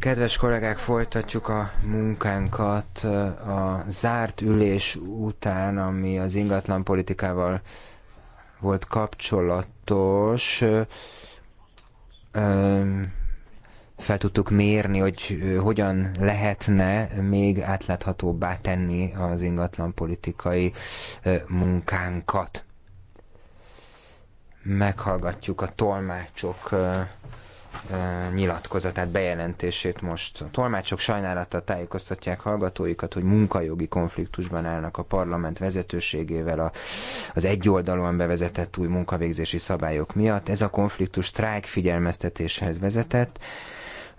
Kedves kollégák, folytatjuk a munkánkat a zárt ülés után, ami az ingatlan politikával volt kapcsolatos. Fel tudtuk mérni, hogy hogyan lehetne még átláthatóbbá tenni az ingatlan politikai munkánkat meghallgatjuk a tolmácsok nyilatkozatát, bejelentését most. A tolmácsok sajnálattal tájékoztatják hallgatóikat, hogy munkajogi konfliktusban állnak a parlament vezetőségével a, az egyoldalúan bevezetett új munkavégzési szabályok miatt. Ez a konfliktus sztrájk figyelmeztetéshez vezetett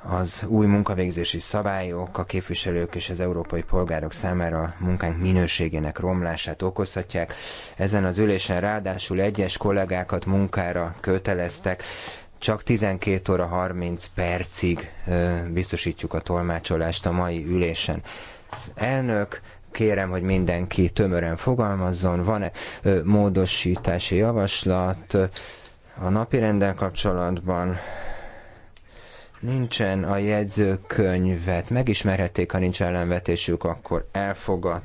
az új munkavégzési szabályok a képviselők és az európai polgárok számára a munkánk minőségének romlását okozhatják. Ezen az ülésen ráadásul egyes kollégákat munkára köteleztek, csak 12 óra 30 percig biztosítjuk a tolmácsolást a mai ülésen. Elnök, kérem, hogy mindenki tömören fogalmazzon, van-e módosítási javaslat a napirenden kapcsolatban, nincsen a jegyzőkönyvet, megismerhették, ha nincs ellenvetésük, akkor elfogadt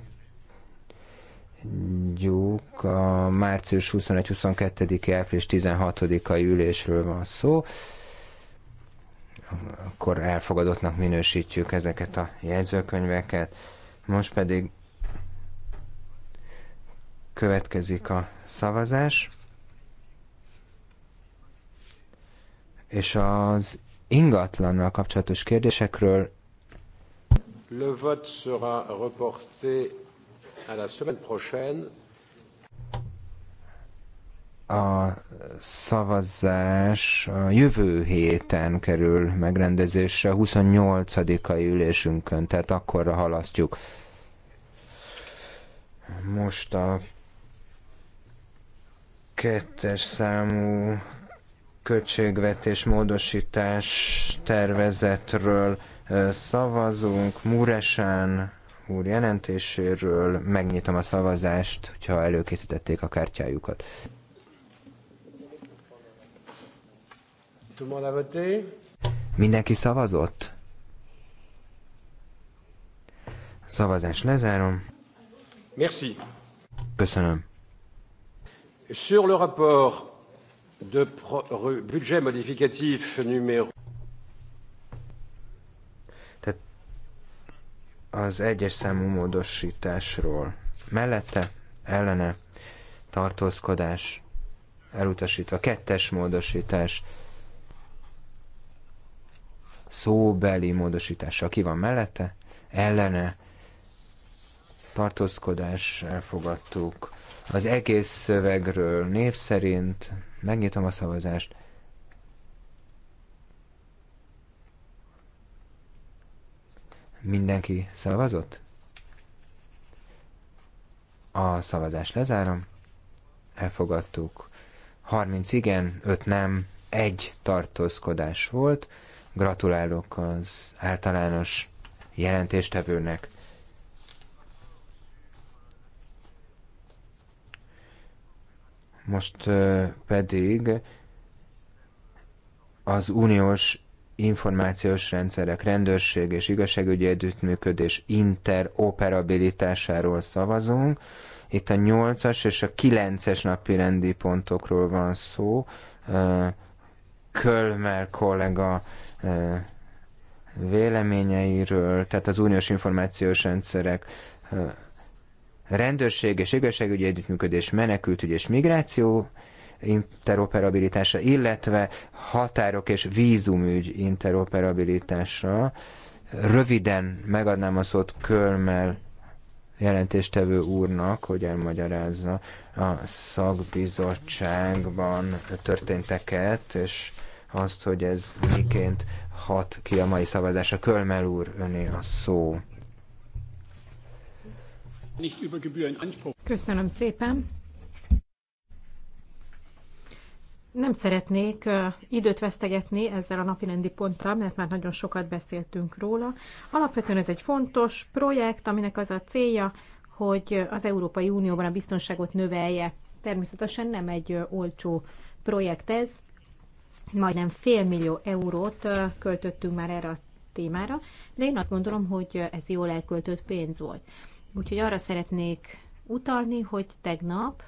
mondjuk a március 21-22-i április 16-ai ülésről van szó, akkor elfogadottnak minősítjük ezeket a jegyzőkönyveket. Most pedig következik a szavazás, és az ingatlannal kapcsolatos kérdésekről Le vote sera reporté à la semaine prochaine. A szavazás a jövő héten kerül megrendezésre, 28-ai ülésünkön, tehát akkorra halasztjuk. Most a kettes számú költségvetés módosítás tervezetről szavazunk. Muresán úr jelentéséről. Megnyitom a szavazást, hogyha előkészítették a kártyájukat. Mindenki szavazott? Szavazás lezárom. Merci. Köszönöm. Sur le rapport de budget modificatif numéro az egyes számú módosításról. Mellette, ellene, tartózkodás, elutasítva, kettes módosítás, szóbeli módosítása. Ki van mellette? Ellene, tartózkodás, elfogadtuk. Az egész szövegről név szerint megnyitom a szavazást. Mindenki szavazott? A szavazás lezárom. Elfogadtuk. 30 igen, 5 nem, egy tartózkodás volt. Gratulálok az általános jelentéstevőnek. Most pedig az uniós információs rendszerek, rendőrség és igazságügyi együttműködés interoperabilitásáról szavazunk. Itt a 8-as és a 9-es napi rendi pontokról van szó. Kölmer kollega véleményeiről, tehát az uniós információs rendszerek rendőrség és igazságügyi együttműködés, menekültügy és migráció interoperabilitása, illetve határok és vízumügy interoperabilitása. Röviden megadnám a szót Kölmel jelentéstevő úrnak, hogy elmagyarázza a szakbizottságban történteket, és azt, hogy ez miként hat ki a mai szavazása. Kölmel úr, öné a szó. Köszönöm szépen. Nem szeretnék időt vesztegetni ezzel a napirendi ponttal, mert már nagyon sokat beszéltünk róla. Alapvetően ez egy fontos projekt, aminek az a célja, hogy az Európai Unióban a biztonságot növelje. Természetesen nem egy olcsó projekt ez, majdnem fél millió eurót költöttünk már erre a témára, de én azt gondolom, hogy ez jól elköltött pénz volt. Úgyhogy arra szeretnék utalni, hogy tegnap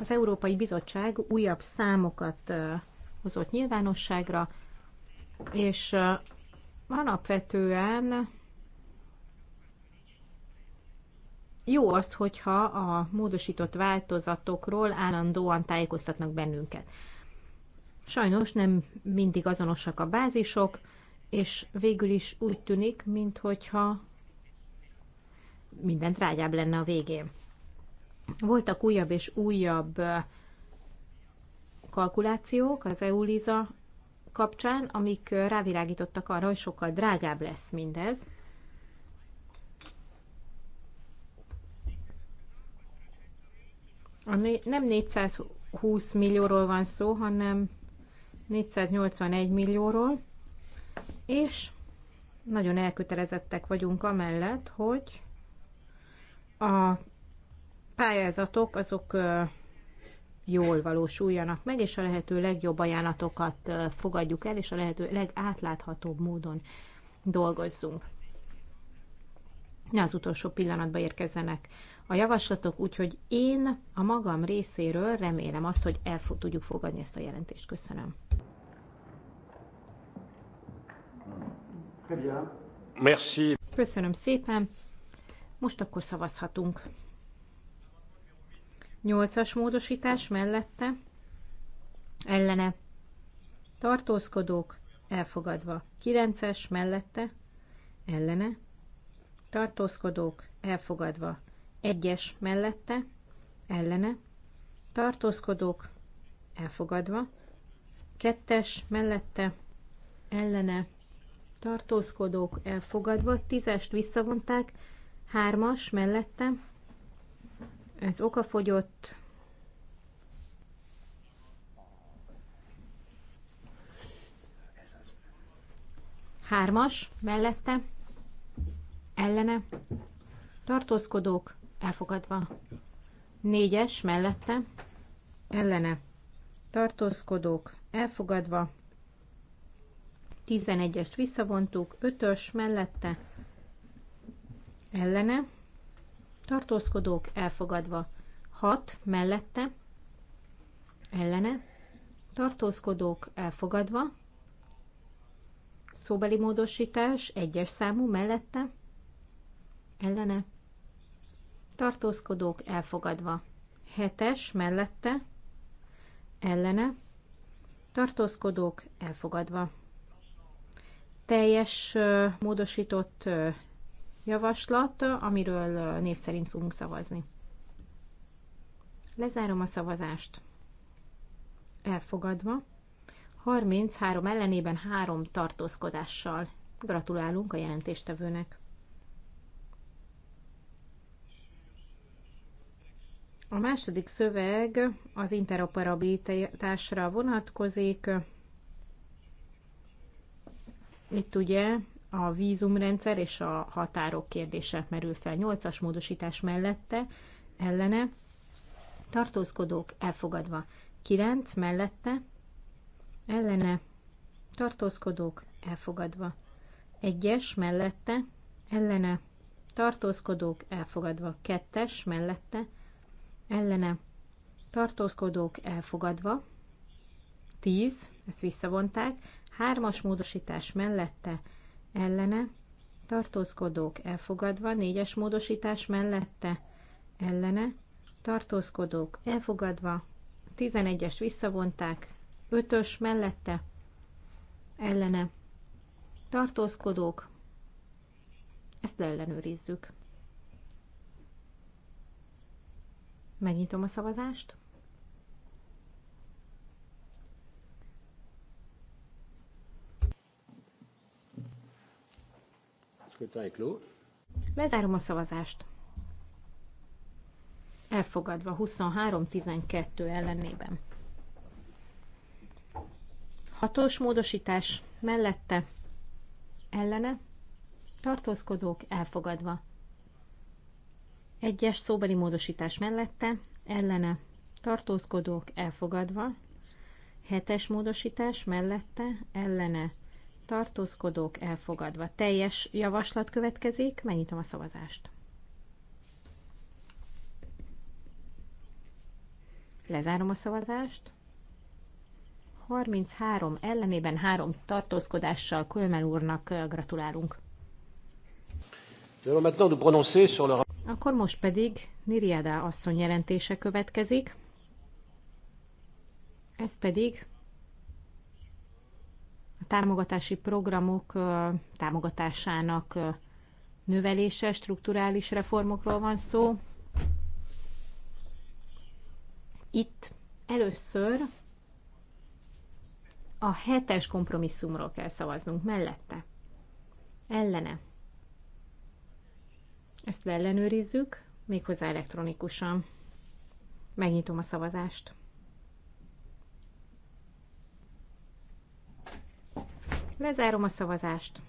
az Európai Bizottság újabb számokat hozott nyilvánosságra, és alapvetően jó az, hogyha a módosított változatokról állandóan tájékoztatnak bennünket. Sajnos nem mindig azonosak a bázisok, és végül is úgy tűnik, mintha minden drágyább lenne a végén. Voltak újabb és újabb kalkulációk az EULISA kapcsán, amik rávilágítottak arra, hogy sokkal drágább lesz mindez. Nem 420 millióról van szó, hanem 481 millióról, és nagyon elkötelezettek vagyunk amellett, hogy a pályázatok azok jól valósuljanak meg, és a lehető legjobb ajánlatokat fogadjuk el, és a lehető legátláthatóbb módon dolgozzunk. Ne az utolsó pillanatba érkezzenek a javaslatok, úgyhogy én a magam részéről remélem azt, hogy el tudjuk fogadni ezt a jelentést. Köszönöm. Merci. Köszönöm szépen. Most akkor szavazhatunk. Nyolcas módosítás mellette ellene tartózkodók elfogadva. kilences mellette ellene tartózkodók elfogadva. Egyes mellette ellene tartózkodók elfogadva. Kettes mellette ellene tartózkodók elfogadva. tízest visszavonták. Hármas mellette ez okafogyott. Hármas mellette, ellene, tartózkodók, elfogadva. Négyes mellette, ellene, tartózkodók, elfogadva. Tizenegyest visszavontuk, ötös mellette, ellene, tartózkodók elfogadva. 6 mellette, ellene, tartózkodók elfogadva, szóbeli módosítás, egyes számú mellette, ellene, tartózkodók elfogadva. 7 mellette, ellene, tartózkodók elfogadva. Teljes módosított javaslat, amiről név szerint fogunk szavazni. Lezárom a szavazást. Elfogadva. 33 ellenében 3 tartózkodással. Gratulálunk a jelentéstevőnek. A második szöveg az interoperabilitásra vonatkozik. Itt ugye a vízumrendszer és a határok kérdése merül fel. 8-as módosítás mellette, ellene, tartózkodók elfogadva. 9 mellette, ellene, tartózkodók elfogadva. 1-es mellette, ellene, tartózkodók elfogadva. 2-es mellette, ellene, tartózkodók elfogadva. 10, ezt visszavonták. 3-as módosítás mellette, ellene, tartózkodók elfogadva, négyes módosítás mellette, ellene, tartózkodók elfogadva, 11-es visszavonták, 5-ös mellette, ellene, tartózkodók, ezt leellenőrizzük. Megnyitom a szavazást. Scrutin est clos. Lezárom a szavazást. Elfogadva 23-12 ellenében. Hatós módosítás mellette ellene tartózkodók elfogadva. Egyes szóbeli módosítás mellette ellene tartózkodók elfogadva. Hetes módosítás mellette ellene tartózkodók elfogadva. Teljes javaslat következik, megnyitom a szavazást. Lezárom a szavazást. 33 ellenében három tartózkodással Kölmel úrnak gratulálunk. Akkor most pedig Niriada asszony jelentése következik. Ez pedig támogatási programok támogatásának növelése, strukturális reformokról van szó. Itt először a hetes kompromisszumról kell szavaznunk mellette. Ellene. Ezt ellenőrizzük, méghozzá elektronikusan. Megnyitom a szavazást. Lezárom a szavazást.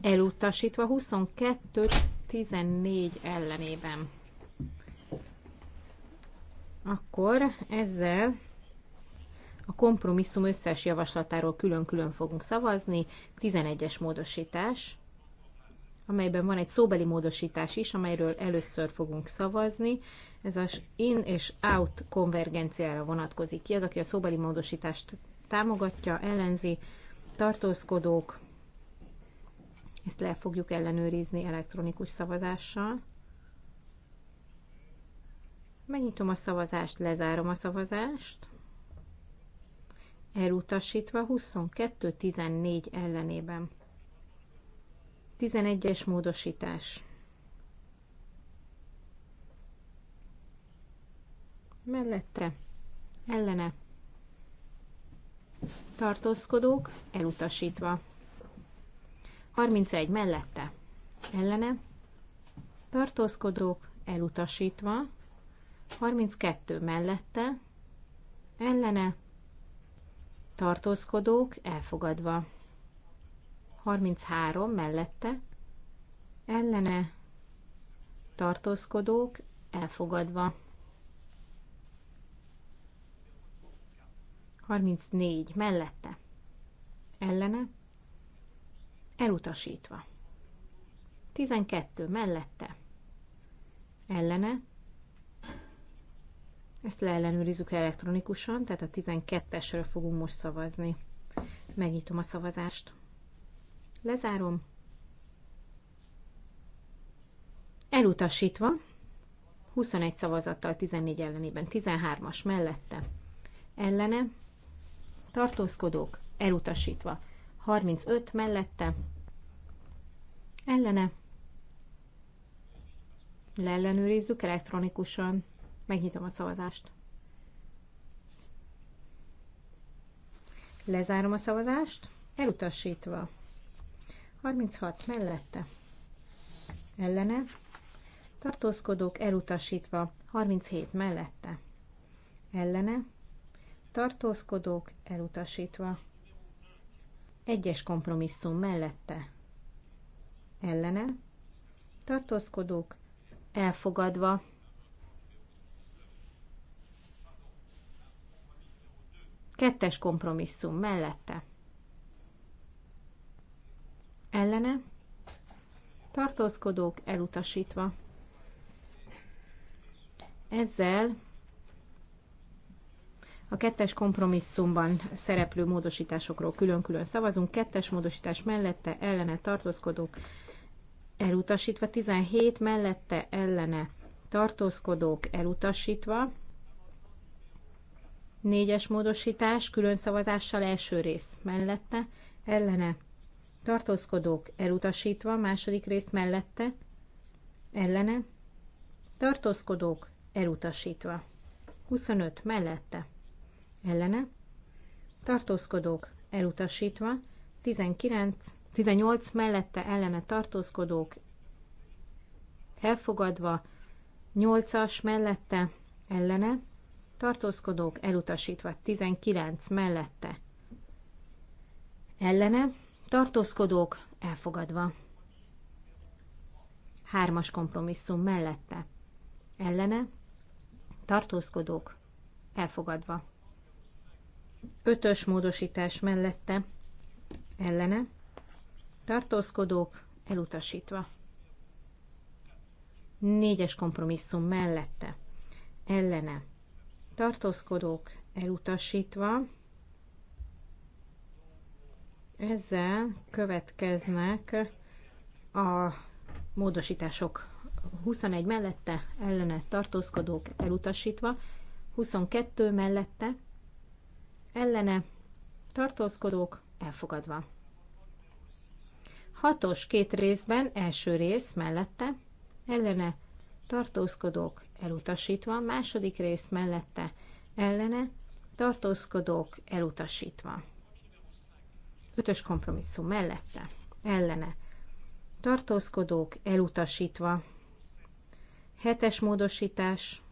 Elutasítva 22-14 ellenében. Akkor ezzel a kompromisszum összes javaslatáról külön-külön fogunk szavazni. 11-es módosítás, amelyben van egy szóbeli módosítás is, amelyről először fogunk szavazni. Ez az in és out konvergenciára vonatkozik ki. Az, aki a szóbeli módosítást támogatja, ellenzi, tartózkodók, ezt le fogjuk ellenőrizni elektronikus szavazással. Megnyitom a szavazást, lezárom a szavazást. Elutasítva 22-14 ellenében. 11-es módosítás. Mellette, ellene, tartózkodók elutasítva. 31 mellette ellene tartózkodók elutasítva. 32 mellette ellene tartózkodók elfogadva. 33 mellette ellene tartózkodók elfogadva. 34 mellette ellene elutasítva. 12 mellette ellene ezt leellenőrizzük elektronikusan, tehát a 12 esről fogunk most szavazni. Megnyitom a szavazást. Lezárom. Elutasítva, 21 szavazattal 14 ellenében, 13-as mellette ellene, tartózkodók elutasítva. 35 mellette ellene leellenőrizzük elektronikusan. Megnyitom a szavazást. Lezárom a szavazást, elutasítva. 36 mellette ellene tartózkodók elutasítva 37 mellette. Ellene tartózkodók elutasítva. Egyes kompromisszum mellette ellene tartózkodók elfogadva. Kettes kompromisszum mellette ellene tartózkodók elutasítva. Ezzel a kettes kompromisszumban szereplő módosításokról külön-külön szavazunk. Kettes módosítás mellette ellene tartózkodók elutasítva, 17 mellette ellene tartózkodók elutasítva. Négyes módosítás, külön szavazással első rész mellette, ellene tartózkodók elutasítva, második rész mellette, ellene tartózkodók elutasítva. 25 mellette ellene, tartózkodók elutasítva, 19, 18 mellette ellene tartózkodók elfogadva, 8-as mellette ellene, tartózkodók elutasítva, 19 mellette ellene, tartózkodók elfogadva, 3-as kompromisszum mellette ellene, tartózkodók elfogadva. Ötös módosítás mellette ellene tartózkodók elutasítva. Négyes kompromisszum mellette ellene tartózkodók elutasítva. Ezzel következnek a módosítások 21 mellette ellene tartózkodók elutasítva, 22 mellette ellene, tartózkodók elfogadva. Hatos két részben, első rész mellette, ellene, tartózkodók elutasítva, második rész mellette, ellene, tartózkodók elutasítva. Ötös kompromisszum mellette, ellene, tartózkodók elutasítva. Hetes módosítás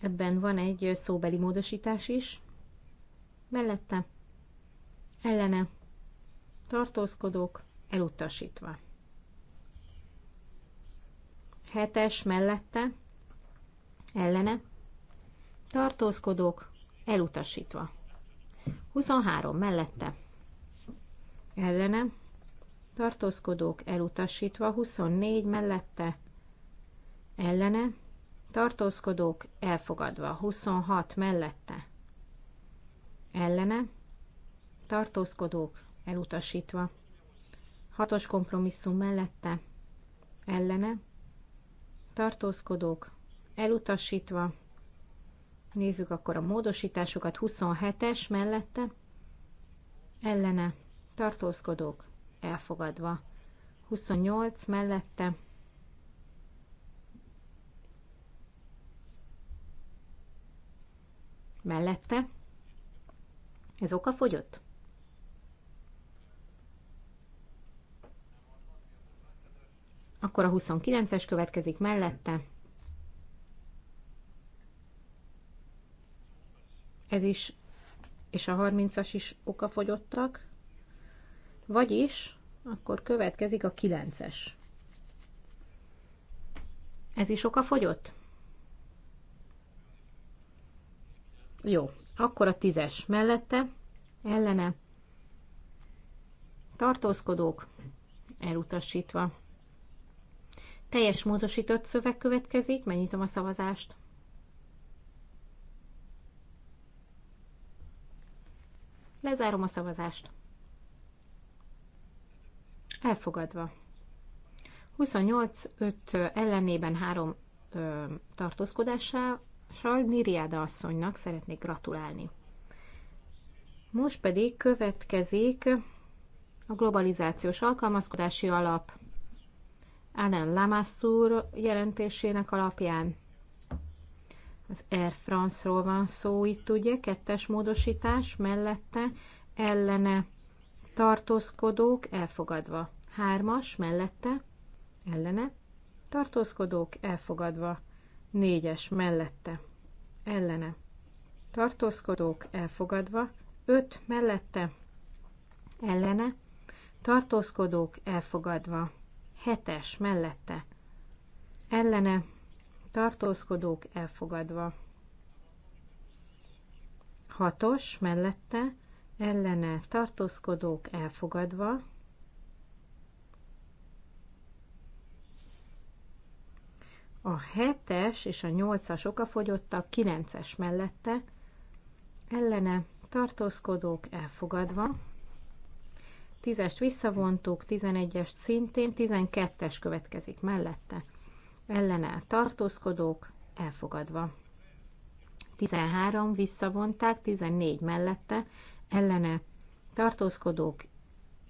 Ebben van egy szóbeli módosítás is. Mellette ellene tartózkodók elutasítva. Hetes mellette ellene tartózkodók elutasítva. 23 mellette ellene tartózkodók elutasítva, 24 mellette ellene tartózkodók elfogadva, 26 mellette, ellene, tartózkodók elutasítva, Hatos kompromisszum mellette, ellene, tartózkodók elutasítva, nézzük akkor a módosításokat, 27-es mellette, ellene, tartózkodók elfogadva, 28 mellette, mellette. Ez oka fogyott? Akkor a 29-es következik mellette. Ez is, és a 30-as is fogyottak. Vagyis, akkor következik a 9-es. Ez is oka fogyott. Jó, akkor a tízes mellette, ellene, tartózkodók, elutasítva. Teljes módosított szöveg következik, megnyitom a szavazást. Lezárom a szavazást. Elfogadva. 28-5 ellenében 3 ö, tartózkodással Sal Miriáda asszonynak szeretnék gratulálni. Most pedig következik a globalizációs alkalmazkodási alap Alain Lamassur jelentésének alapján. Az Air France-ról van szó itt, ugye, kettes módosítás mellette ellene tartózkodók elfogadva. Hármas mellette ellene tartózkodók elfogadva négyes mellette, ellene, tartózkodók elfogadva, öt mellette, ellene, tartózkodók elfogadva, hetes mellette, ellene, tartózkodók elfogadva, hatos mellette, ellene, tartózkodók elfogadva, A 7-es és a 8-as okafogyottak, 9-es mellette, ellene tartózkodók elfogadva, 10-est visszavontuk, 11-est szintén, 12-es következik mellette, ellene tartózkodók elfogadva. 13 visszavonták, 14 mellette, ellene tartózkodók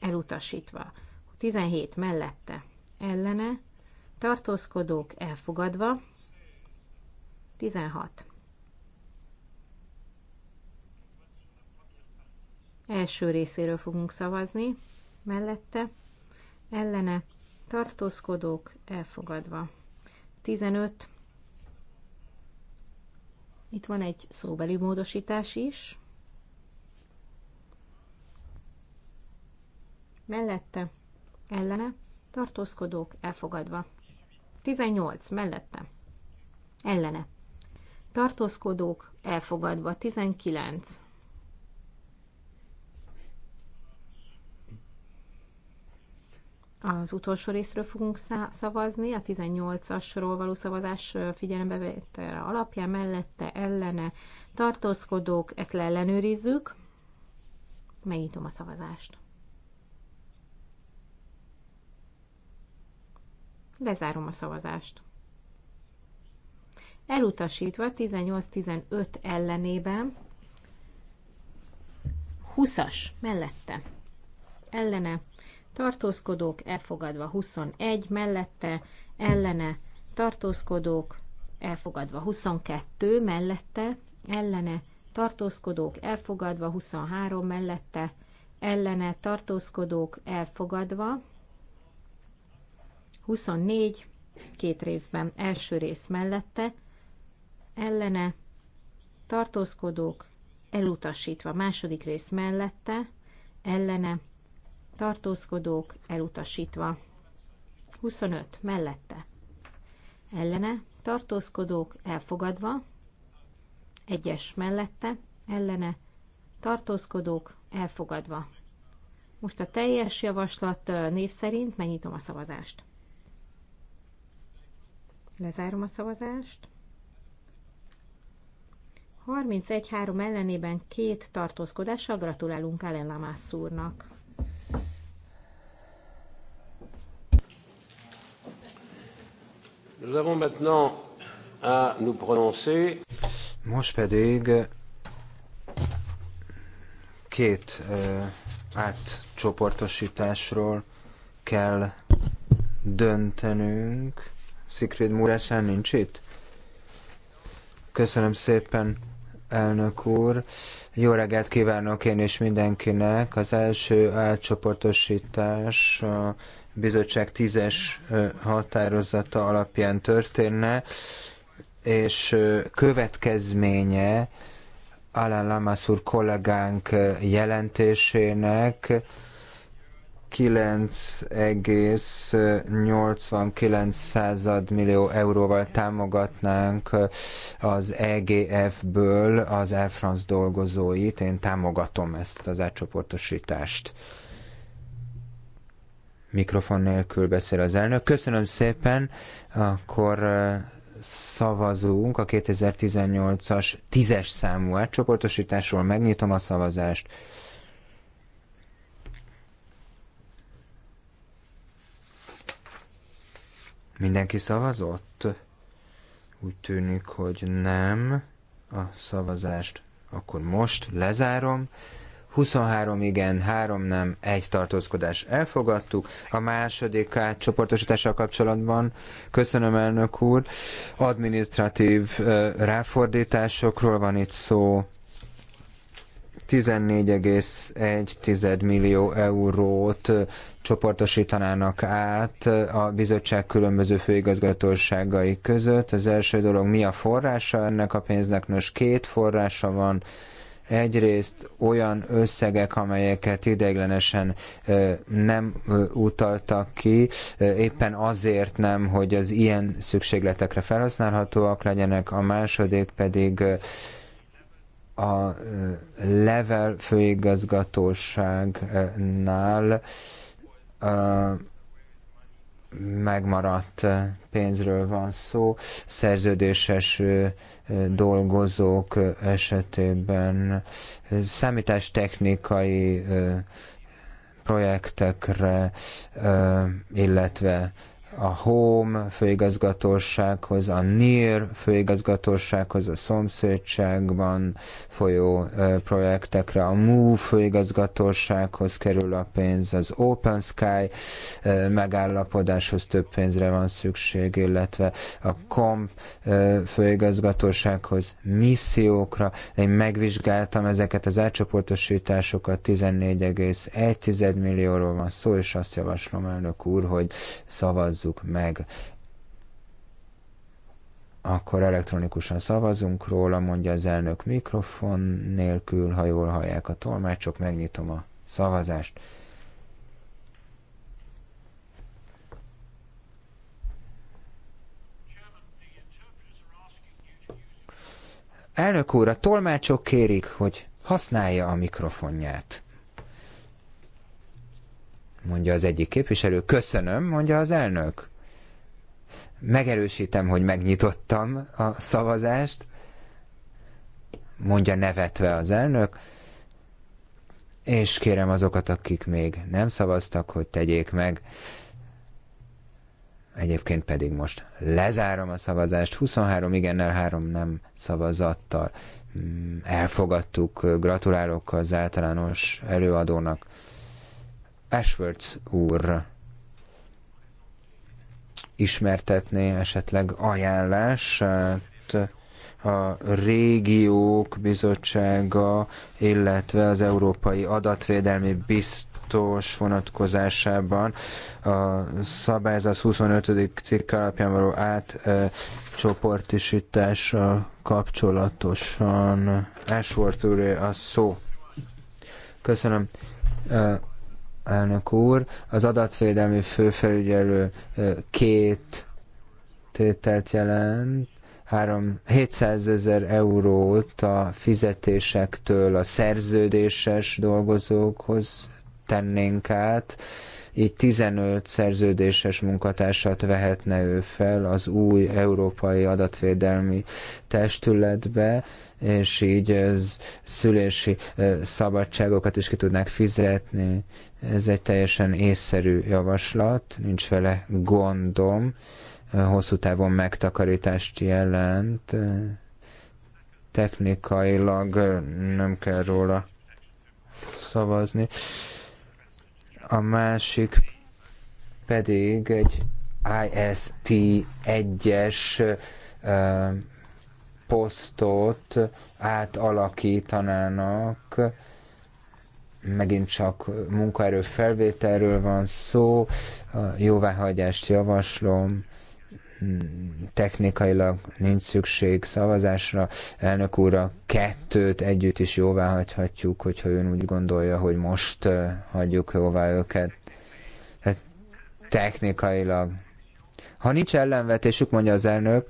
elutasítva, 17 mellette, ellene tartózkodók elfogadva, 16. Első részéről fogunk szavazni, mellette, ellene, tartózkodók elfogadva. 15. Itt van egy szóbeli módosítás is. Mellette, ellene, tartózkodók elfogadva. 18 mellette. Ellene. Tartózkodók elfogadva. 19. Az utolsó részről fogunk szavazni, a 18-asról való szavazás figyelembevétele alapján, mellette, ellene, tartózkodók, ezt leellenőrizzük. Megnyitom a szavazást. Lezárom a szavazást. Elutasítva 18-15 ellenében 20-as mellette ellene tartózkodók elfogadva 21 mellette ellene tartózkodók elfogadva 22 mellette ellene tartózkodók elfogadva 23 mellette ellene tartózkodók elfogadva 24, két részben, első rész mellette, ellene, tartózkodók, elutasítva, második rész mellette, ellene, tartózkodók, elutasítva. 25. Mellette. Ellene, tartózkodók, elfogadva. Egyes mellette, ellene, tartózkodók, elfogadva. Most a teljes javaslat név szerint megnyitom a szavazást. Lezárom a szavazást. 31-3 ellenében két tartózkodással gratulálunk Ellen Lamász úrnak. Nous avons maintenant à nous prononcer. Most pedig két uh, átcsoportosításról kell döntenünk Szikrid Múrásán nincs itt? Köszönöm szépen, elnök úr. Jó reggelt kívánok én is mindenkinek. Az első átcsoportosítás a bizottság tízes határozata alapján történne, és következménye Alan Lamassur kollégánk jelentésének, 9,89 század millió euróval támogatnánk az EGF-ből az Air France dolgozóit. Én támogatom ezt az átcsoportosítást. Mikrofon nélkül beszél az elnök. Köszönöm szépen, akkor szavazunk a 2018-as tízes számú átcsoportosításról. Megnyitom a szavazást. Mindenki szavazott? Úgy tűnik, hogy nem a szavazást. Akkor most lezárom. 23 igen, 3 nem, egy tartózkodás elfogadtuk. A második átcsoportosítással kapcsolatban köszönöm elnök úr. Administratív ráfordításokról van itt szó. 14,1 millió eurót csoportosítanának át a bizottság különböző főigazgatóságai között. Az első dolog, mi a forrása ennek a pénznek? Nos, két forrása van. Egyrészt olyan összegek, amelyeket ideiglenesen nem utaltak ki, éppen azért nem, hogy az ilyen szükségletekre felhasználhatóak legyenek, a második pedig a level főigazgatóságnál megmaradt pénzről van szó, szerződéses dolgozók esetében számítástechnikai projektekre, illetve a Home főigazgatósághoz, a NIR főigazgatósághoz, a szomszédságban folyó projektekre, a MOVE főigazgatósághoz kerül a pénz, az Open Sky megállapodáshoz több pénzre van szükség, illetve a comp főigazgatósághoz missziókra. Én megvizsgáltam ezeket az átcsoportosításokat, 14,1 millióról van szó, és azt javaslom elnök úr, hogy szavazzunk szavazzuk meg. Akkor elektronikusan szavazunk róla, mondja az elnök mikrofon nélkül, ha jól hallják a tolmácsok, megnyitom a szavazást. Elnök úr, a tolmácsok kérik, hogy használja a mikrofonját mondja az egyik képviselő. Köszönöm, mondja az elnök. Megerősítem, hogy megnyitottam a szavazást, mondja nevetve az elnök, és kérem azokat, akik még nem szavaztak, hogy tegyék meg. Egyébként pedig most lezárom a szavazást, 23 igennel, 3 nem szavazattal mm, elfogadtuk, gratulálok az általános előadónak. Ashworth úr ismertetné esetleg ajánlását a régiók bizottsága, illetve az Európai Adatvédelmi Biztos vonatkozásában a szabályzat 25. cikk alapján való átcsoportisítása kapcsolatosan. Ashworth úr a szó. Köszönöm elnök úr. Az adatvédelmi főfelügyelő két tételt jelent, három 700 ezer eurót a fizetésektől a szerződéses dolgozókhoz tennénk át, így 15 szerződéses munkatársat vehetne ő fel az új európai adatvédelmi testületbe, és így szülési szabadságokat is ki tudnák fizetni. Ez egy teljesen észszerű javaslat, nincs vele gondom, hosszú távon megtakarítást jelent, technikailag nem kell róla szavazni. A másik pedig egy IST 1-es posztot átalakítanának megint csak munkaerő felvételről van szó, a jóváhagyást javaslom, mm, technikailag nincs szükség szavazásra. Elnök úr, a kettőt együtt is jóvá hagyhatjuk, hogyha ön úgy gondolja, hogy most hagyjuk jóvá őket. Hát technikailag. Ha nincs ellenvetésük, mondja az elnök,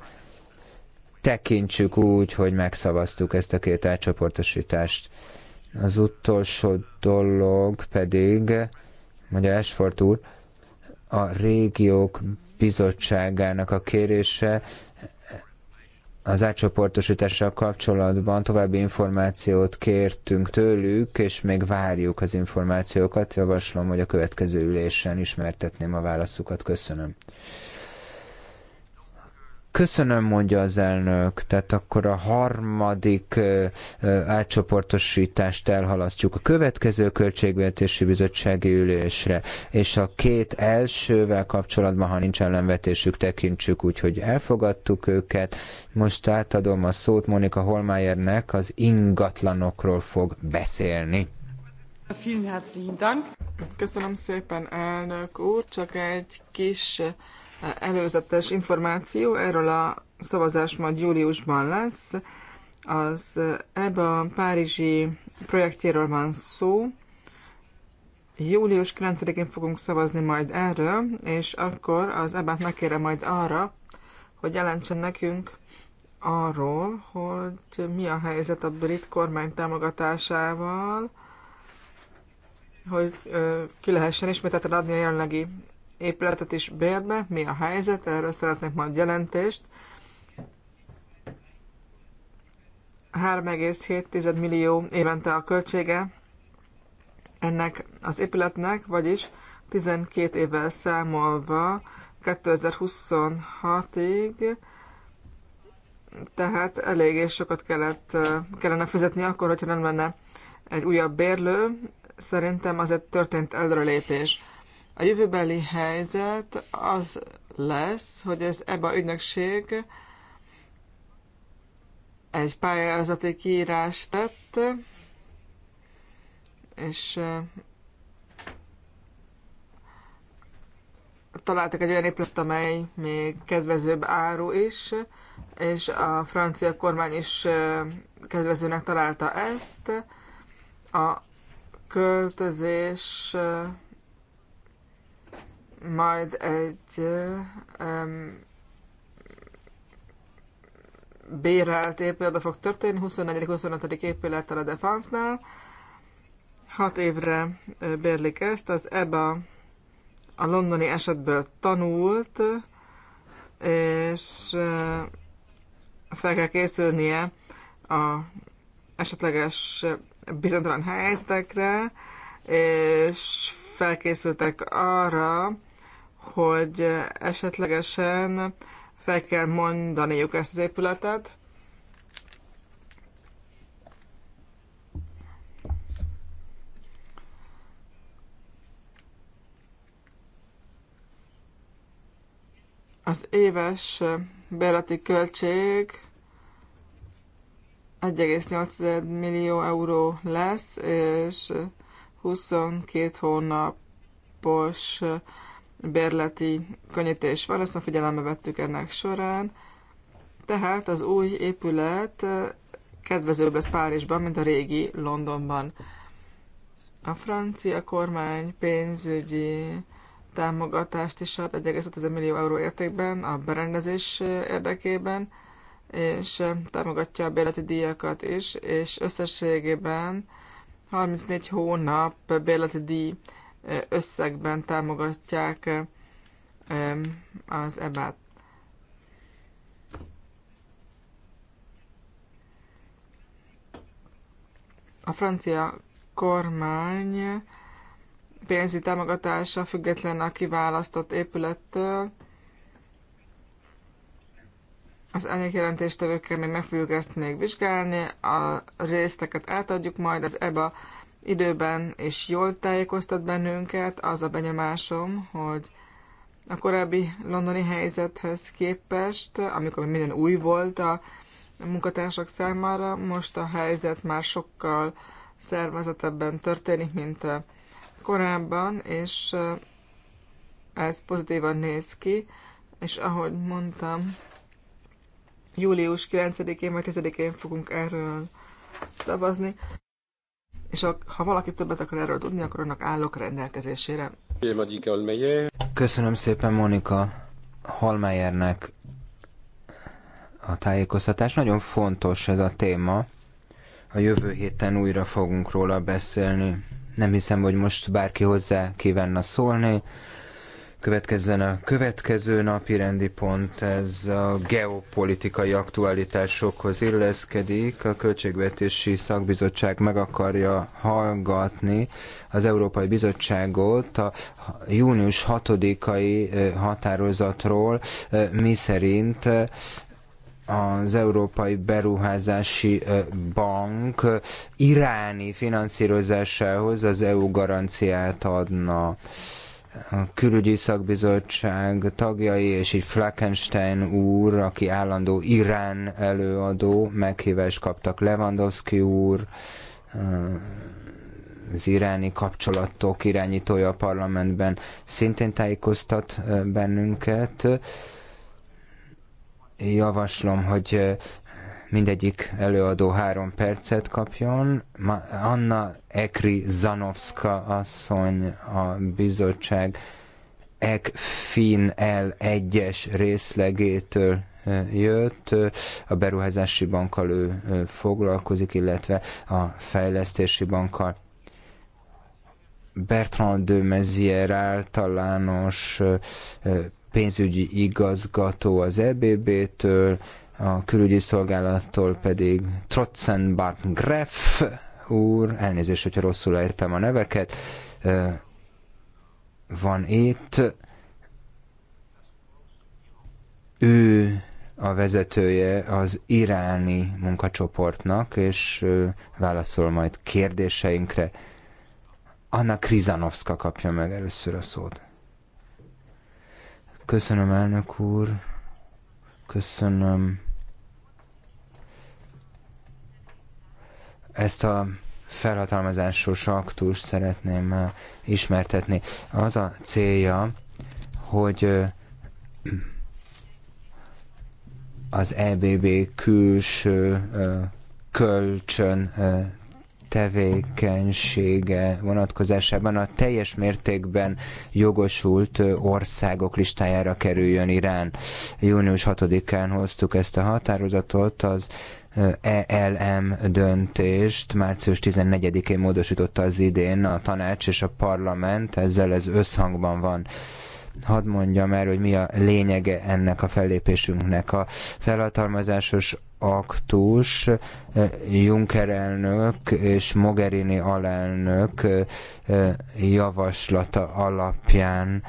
tekintsük úgy, hogy megszavaztuk ezt a két elcsoportosítást. Az utolsó dolog pedig, mondja Esfort úr, a régiók bizottságának a kérése az átcsoportosítással kapcsolatban további információt kértünk tőlük, és még várjuk az információkat. Javaslom, hogy a következő ülésen ismertetném a válaszukat. Köszönöm. Köszönöm, mondja az elnök. Tehát akkor a harmadik átcsoportosítást elhalasztjuk a következő költségvetési bizottsági ülésre, és a két elsővel kapcsolatban, ha nincs ellenvetésük, tekintsük úgy, hogy elfogadtuk őket. Most átadom a szót Monika Holmájernek, az ingatlanokról fog beszélni. Köszönöm szépen, elnök úr. Csak egy kis előzetes információ, erről a szavazás majd júliusban lesz. Az a párizsi projektjéről van szó. Július 9-én fogunk szavazni majd erről, és akkor az ebát megkérem majd arra, hogy jelentsen nekünk arról, hogy mi a helyzet a brit kormány támogatásával, hogy ö, ki lehessen ismételten adni a jelenlegi épületet is bérbe. Mi a helyzet? Erről szeretnék majd jelentést. 3,7 millió évente a költsége ennek az épületnek, vagyis 12 évvel számolva 2026-ig, tehát eléggé sokat kellett, kellene fizetni akkor, hogyha nem lenne egy újabb bérlő. Szerintem azért történt előrelépés. A jövőbeli helyzet az lesz, hogy az EBA ügynökség egy pályázati kiírást tett, és eh, találtak egy olyan épület, amely még kedvezőbb áru is, és a francia kormány is eh, kedvezőnek találta ezt. A költözés eh, majd egy um, bérelt épület fog történni, 24.-25. épülettel a Defense-nál. Hat évre bérlik ezt, az EBA a londoni esetből tanult, és fel kell készülnie a esetleges bizonytalan helyzetekre, és felkészültek arra, hogy esetlegesen fel kell mondaniuk ezt az épületet. Az éves bérleti költség 1,8 millió euró lesz, és 22 hónapos bérleti könnyítés van, ezt már figyelembe vettük ennek során. Tehát az új épület kedvezőbb lesz Párizsban, mint a régi Londonban. A francia kormány pénzügyi támogatást is ad 1,5 millió euró értékben a berendezés érdekében, és támogatja a bérleti díjakat is, és összességében 34 hónap bérleti díj összegben támogatják az ebát. A francia kormány pénzügyi támogatása független a kiválasztott épülettől. Az jelentéstevőkkel még meg fogjuk ezt még vizsgálni, a részteket átadjuk majd, az EBA időben és jól tájékoztat bennünket, az a benyomásom, hogy a korábbi londoni helyzethez képest, amikor minden új volt a munkatársak számára, most a helyzet már sokkal szervezetebben történik, mint korábban, és eh, ez pozitívan néz ki, és ahogy mondtam, július 9-én vagy 10-én fogunk erről szavazni és ha valaki többet akar erről tudni, akkor annak állok rendelkezésére. Köszönöm szépen Monika Halmeyernek a tájékoztatás. Nagyon fontos ez a téma. A jövő héten újra fogunk róla beszélni. Nem hiszem, hogy most bárki hozzá kívánna szólni. Következzen a következő napi rendi pont, ez a geopolitikai aktualitásokhoz illeszkedik. A Költségvetési Szakbizottság meg akarja hallgatni az Európai Bizottságot a június 6-ai határozatról, miszerint az Európai Beruházási Bank iráni finanszírozásához az EU garanciát adna a külügyi szakbizottság tagjai, és így Flakenstein úr, aki állandó Irán előadó, meghívást kaptak Lewandowski úr, eh, az iráni kapcsolatok irányítója a parlamentben szintén tájékoztat eh, bennünket. Javaslom, hogy eh, mindegyik előadó három percet kapjon. Anna Ekri Zanovska asszony a bizottság ECFIN l 1 részlegétől jött, a beruházási bankkal ő foglalkozik, illetve a fejlesztési bankkal. Bertrand de Mezier általános pénzügyi igazgató az EBB-től, a külügyi szolgálattól pedig Trotzenbart Greff úr, elnézést, hogyha rosszul értem a neveket, van itt. Ő a vezetője az iráni munkacsoportnak, és válaszol majd kérdéseinkre. Anna Krizanovska kapja meg először a szót. Köszönöm, elnök úr. Köszönöm Ezt a felhatalmazásos aktust szeretném ismertetni. Az a célja, hogy az EBB külső kölcsön tevékenysége vonatkozásában a teljes mértékben jogosult országok listájára kerüljön Irán. Június 6-án hoztuk ezt a határozatot, az ELM döntést március 14-én módosította az idén a tanács és a parlament, ezzel ez összhangban van hadd mondjam el, hogy mi a lényege ennek a fellépésünknek. A felhatalmazásos aktus Juncker elnök és Mogherini alelnök javaslata alapján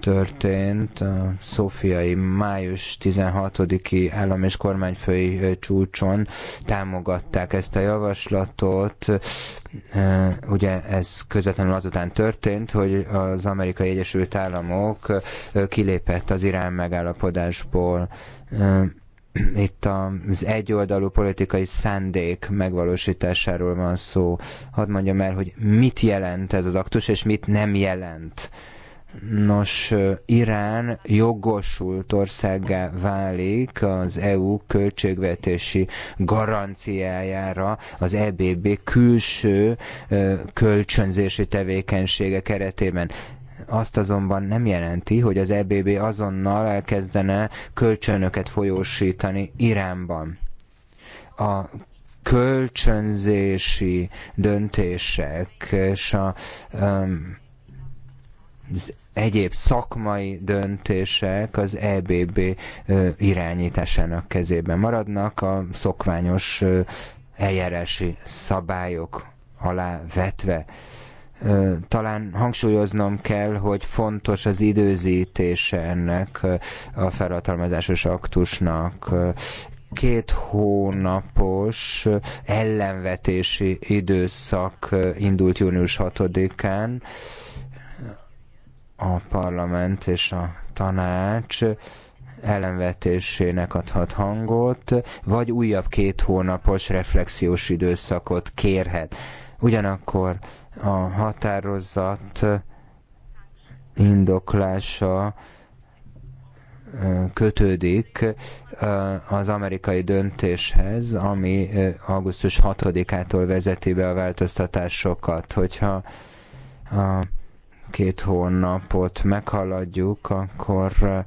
történt a szófiai május 16-i állam és kormányfői csúcson támogatták ezt a javaslatot. Ugye ez közvetlenül azután történt, hogy az Amerikai Egyesült Államok kilépett az Irán megállapodásból itt az egyoldalú politikai szándék megvalósításáról van szó. Hadd mondjam el, hogy mit jelent ez az aktus, és mit nem jelent. Nos, Irán jogosult országá válik az EU költségvetési garanciájára az EBB külső kölcsönzési tevékenysége keretében azt azonban nem jelenti, hogy az EBB azonnal elkezdene kölcsönöket folyósítani Iránban. A kölcsönzési döntések és a, um, az egyéb szakmai döntések az EBB irányításának kezében maradnak, a szokványos eljárási szabályok alá vetve. Talán hangsúlyoznom kell, hogy fontos az időzítése ennek a felhatalmazásos aktusnak. Két hónapos ellenvetési időszak indult június 6-án, a parlament és a tanács ellenvetésének adhat hangot, vagy újabb két hónapos reflexiós időszakot kérhet. Ugyanakkor a határozat indoklása kötődik az amerikai döntéshez, ami augusztus 6-ától vezeti be a változtatásokat. Hogyha a két hónapot meghaladjuk, akkor uh,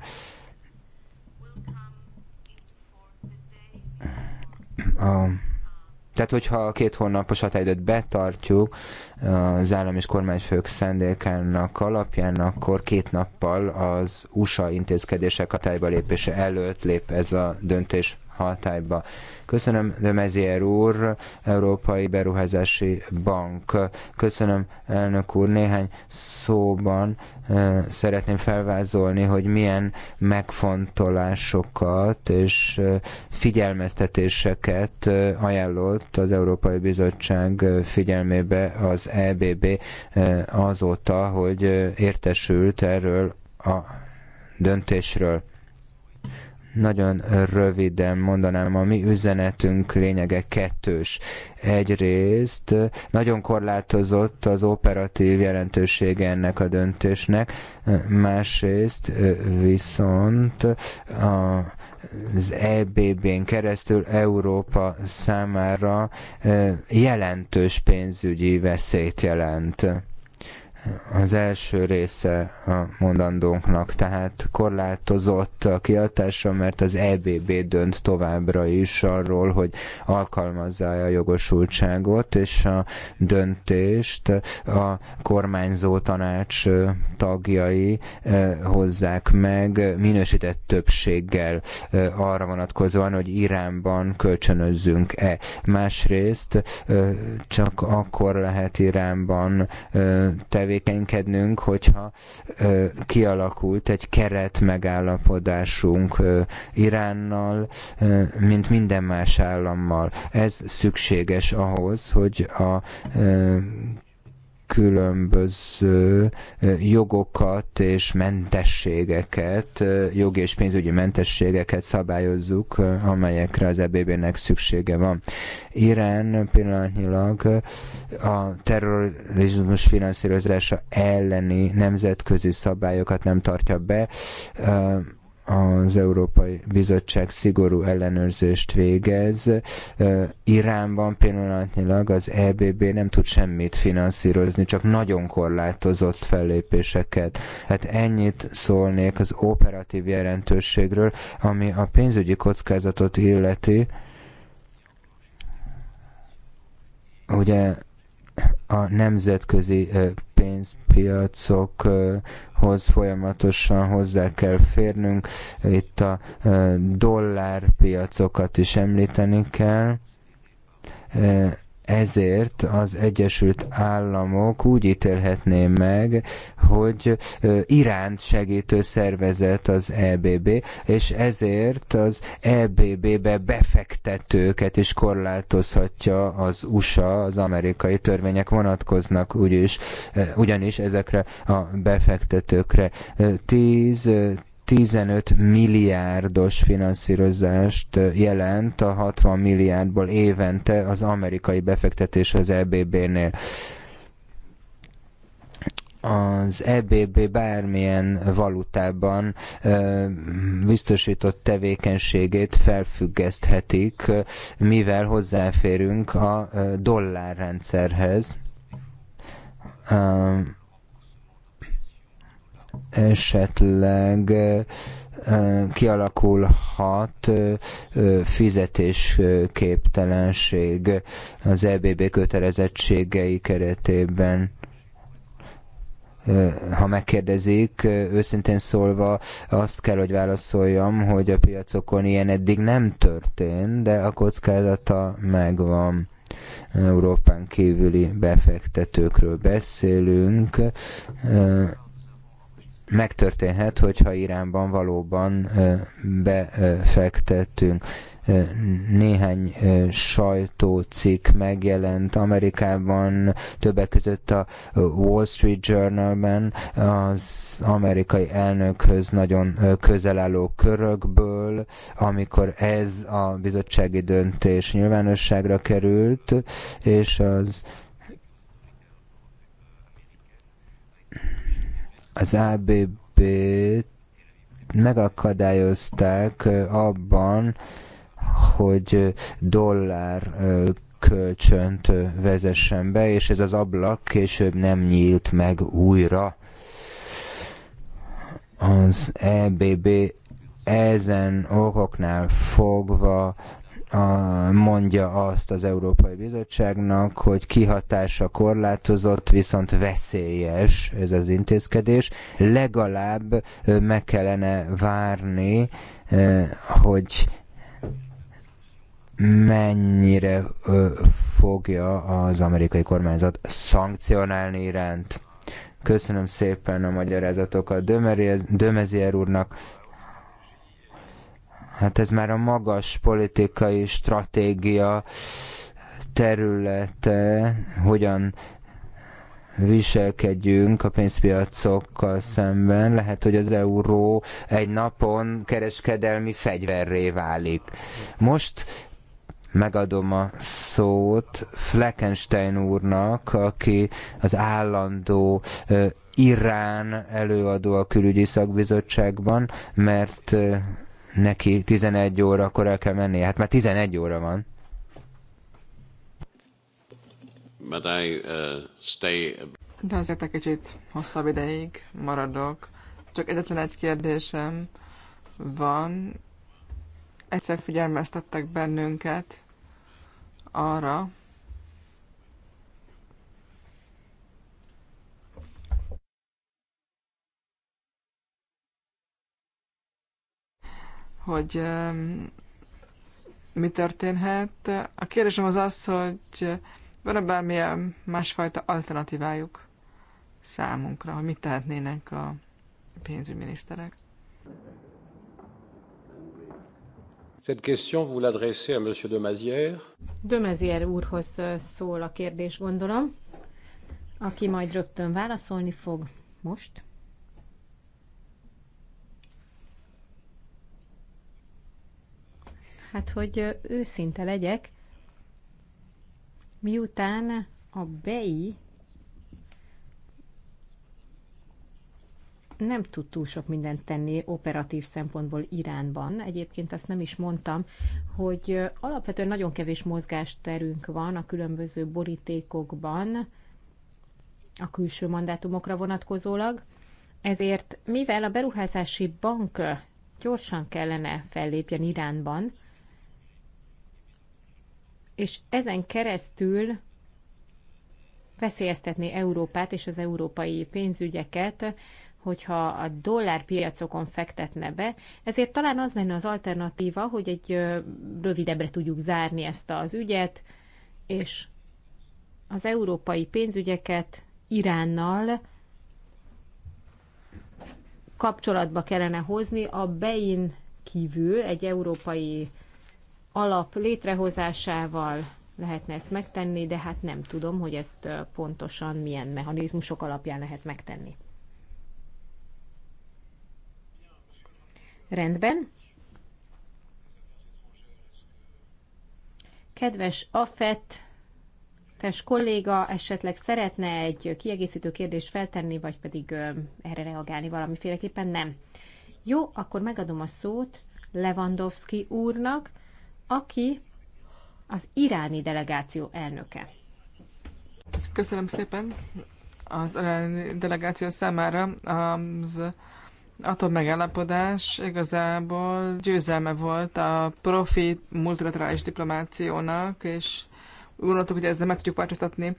a tehát, hogyha a két hónapos határidőt betartjuk uh, az állam és kormányfők szendékának alapján, akkor két nappal az USA intézkedések hatályba lépése előtt lép ez a döntés hatályba. Köszönöm de Mezier úr, Európai Beruházási Bank. Köszönöm elnök úr, néhány szóban eh, szeretném felvázolni, hogy milyen megfontolásokat és eh, figyelmeztetéseket eh, ajánlott az Európai Bizottság figyelmébe az EBB azóta, hogy értesült erről a döntésről. Nagyon röviden mondanám, a mi üzenetünk lényege kettős. Egyrészt nagyon korlátozott az operatív jelentősége ennek a döntésnek, másrészt viszont a az EBB-n keresztül Európa számára jelentős pénzügyi veszélyt jelent az első része a mondandónknak, tehát korlátozott a kiadása, mert az EBB dönt továbbra is arról, hogy alkalmazza-e a jogosultságot, és a döntést a kormányzó tanács tagjai hozzák meg minősített többséggel arra vonatkozóan, hogy Iránban kölcsönözzünk-e. Másrészt csak akkor lehet Iránban tevékenykedni, tevékenykednünk, hogyha kialakult egy keret megállapodásunk Iránnal, mint minden más állammal. Ez szükséges ahhoz, hogy a különböző jogokat és mentességeket, jogi és pénzügyi mentességeket szabályozzuk, amelyekre az EBB-nek szüksége van. Irán pillanatnyilag a terrorizmus finanszírozása elleni nemzetközi szabályokat nem tartja be, az Európai Bizottság szigorú ellenőrzést végez. Iránban pillanatnyilag az EBB nem tud semmit finanszírozni, csak nagyon korlátozott fellépéseket. Hát ennyit szólnék az operatív jelentőségről, ami a pénzügyi kockázatot illeti. Ugye a nemzetközi pénzpiacokhoz folyamatosan hozzá kell férnünk. Itt a dollárpiacokat is említeni kell ezért az Egyesült Államok úgy ítélhetné meg, hogy Iránt segítő szervezet az EBB, és ezért az EBB-be befektetőket is korlátozhatja az USA, az amerikai törvények vonatkoznak úgyis, ugyanis ezekre a befektetőkre. tíz 15 milliárdos finanszírozást jelent a 60 milliárdból évente az amerikai befektetés az EBB-nél az EBB bármilyen valutában biztosított tevékenységét felfüggeszthetik, mivel hozzáférünk a dollárrendszerhez esetleg kialakulhat fizetésképtelenség az EBB kötelezettségei keretében ha megkérdezik, őszintén szólva azt kell, hogy válaszoljam, hogy a piacokon ilyen eddig nem történt, de a kockázata megvan. Európán kívüli befektetőkről beszélünk, megtörténhet, hogyha Iránban valóban befektettünk. Néhány sajtócikk megjelent Amerikában, többek között a Wall Street Journalben az amerikai elnökhöz nagyon közel álló körökből, amikor ez a bizottsági döntés nyilvánosságra került, és az az ABB-t megakadályozták abban, hogy dollár kölcsönt vezessen be, és ez az ablak később nem nyílt meg újra. Az EBB ezen okoknál fogva mondja azt az Európai Bizottságnak, hogy kihatása korlátozott, viszont veszélyes ez az intézkedés. Legalább meg kellene várni, hogy mennyire fogja az amerikai kormányzat szankcionálni iránt. Köszönöm szépen a magyarázatokat Dömezier úrnak, Hát ez már a magas politikai stratégia területe, hogyan viselkedjünk a pénzpiacokkal szemben. Lehet, hogy az euró egy napon kereskedelmi fegyverré válik. Most megadom a szót Fleckenstein úrnak, aki az állandó Irán előadó a külügyi szakbizottságban, mert neki 11 óra, akkor el kell mennie. Hát már 11 óra van. But I, uh, stay... De azért egy kicsit hosszabb ideig maradok. Csak egyetlen egy kérdésem van. Egyszer figyelmeztettek bennünket arra, hogy mi történhet. A kérdésem az az, hogy van-e bármilyen másfajta alternatívájuk számunkra, hogy mit tehetnének a pénzügyminiszterek? Cette question, vous l'adressez à Monsieur de Mazière. De Mazière úrhoz szól a kérdés, gondolom, aki majd rögtön válaszolni fog most. Hát, hogy őszinte legyek, miután a BEI nem tud túl sok mindent tenni operatív szempontból Iránban. Egyébként azt nem is mondtam, hogy alapvetően nagyon kevés mozgásterünk van a különböző borítékokban a külső mandátumokra vonatkozólag. Ezért, mivel a beruházási bank gyorsan kellene fellépjen Iránban, és ezen keresztül veszélyeztetni Európát és az európai pénzügyeket, hogyha a dollár piacokon fektetne be. Ezért talán az lenne az alternatíva, hogy egy rövidebbre tudjuk zárni ezt az ügyet, és az európai pénzügyeket Iránnal kapcsolatba kellene hozni a bein kívül egy európai alap létrehozásával lehetne ezt megtenni, de hát nem tudom, hogy ezt pontosan milyen mechanizmusok alapján lehet megtenni. Rendben. Kedves Afet, tes kolléga esetleg szeretne egy kiegészítő kérdést feltenni, vagy pedig erre reagálni valamiféleképpen? Nem. Jó, akkor megadom a szót Lewandowski úrnak, aki az iráni delegáció elnöke. Köszönöm szépen az iráni delegáció számára az atom megállapodás igazából győzelme volt a profi multilaterális diplomációnak, és úgy gondoltuk, hogy ezzel meg tudjuk változtatni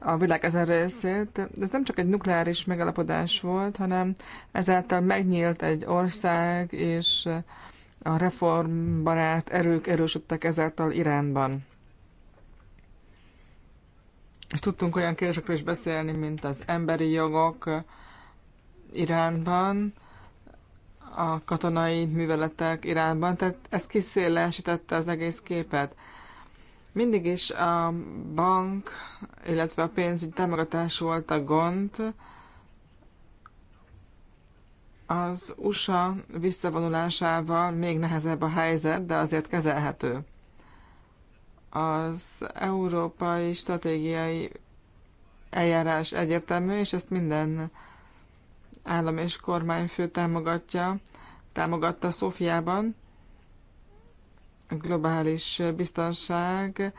a világ ezen részét. De Ez nem csak egy nukleáris megállapodás volt, hanem ezáltal megnyílt egy ország, és a reformbarát erők erősödtek ezáltal Iránban. És tudtunk olyan kérdésekről is beszélni, mint az emberi jogok Iránban, a katonai műveletek Iránban, tehát ez kiszélesítette az egész képet. Mindig is a bank, illetve a pénzügyi támogatás volt a gond, az USA visszavonulásával még nehezebb a helyzet, de azért kezelhető. Az európai stratégiai eljárás egyértelmű, és ezt minden állam és kormányfő támogatja, támogatta Szófiában. A globális biztonság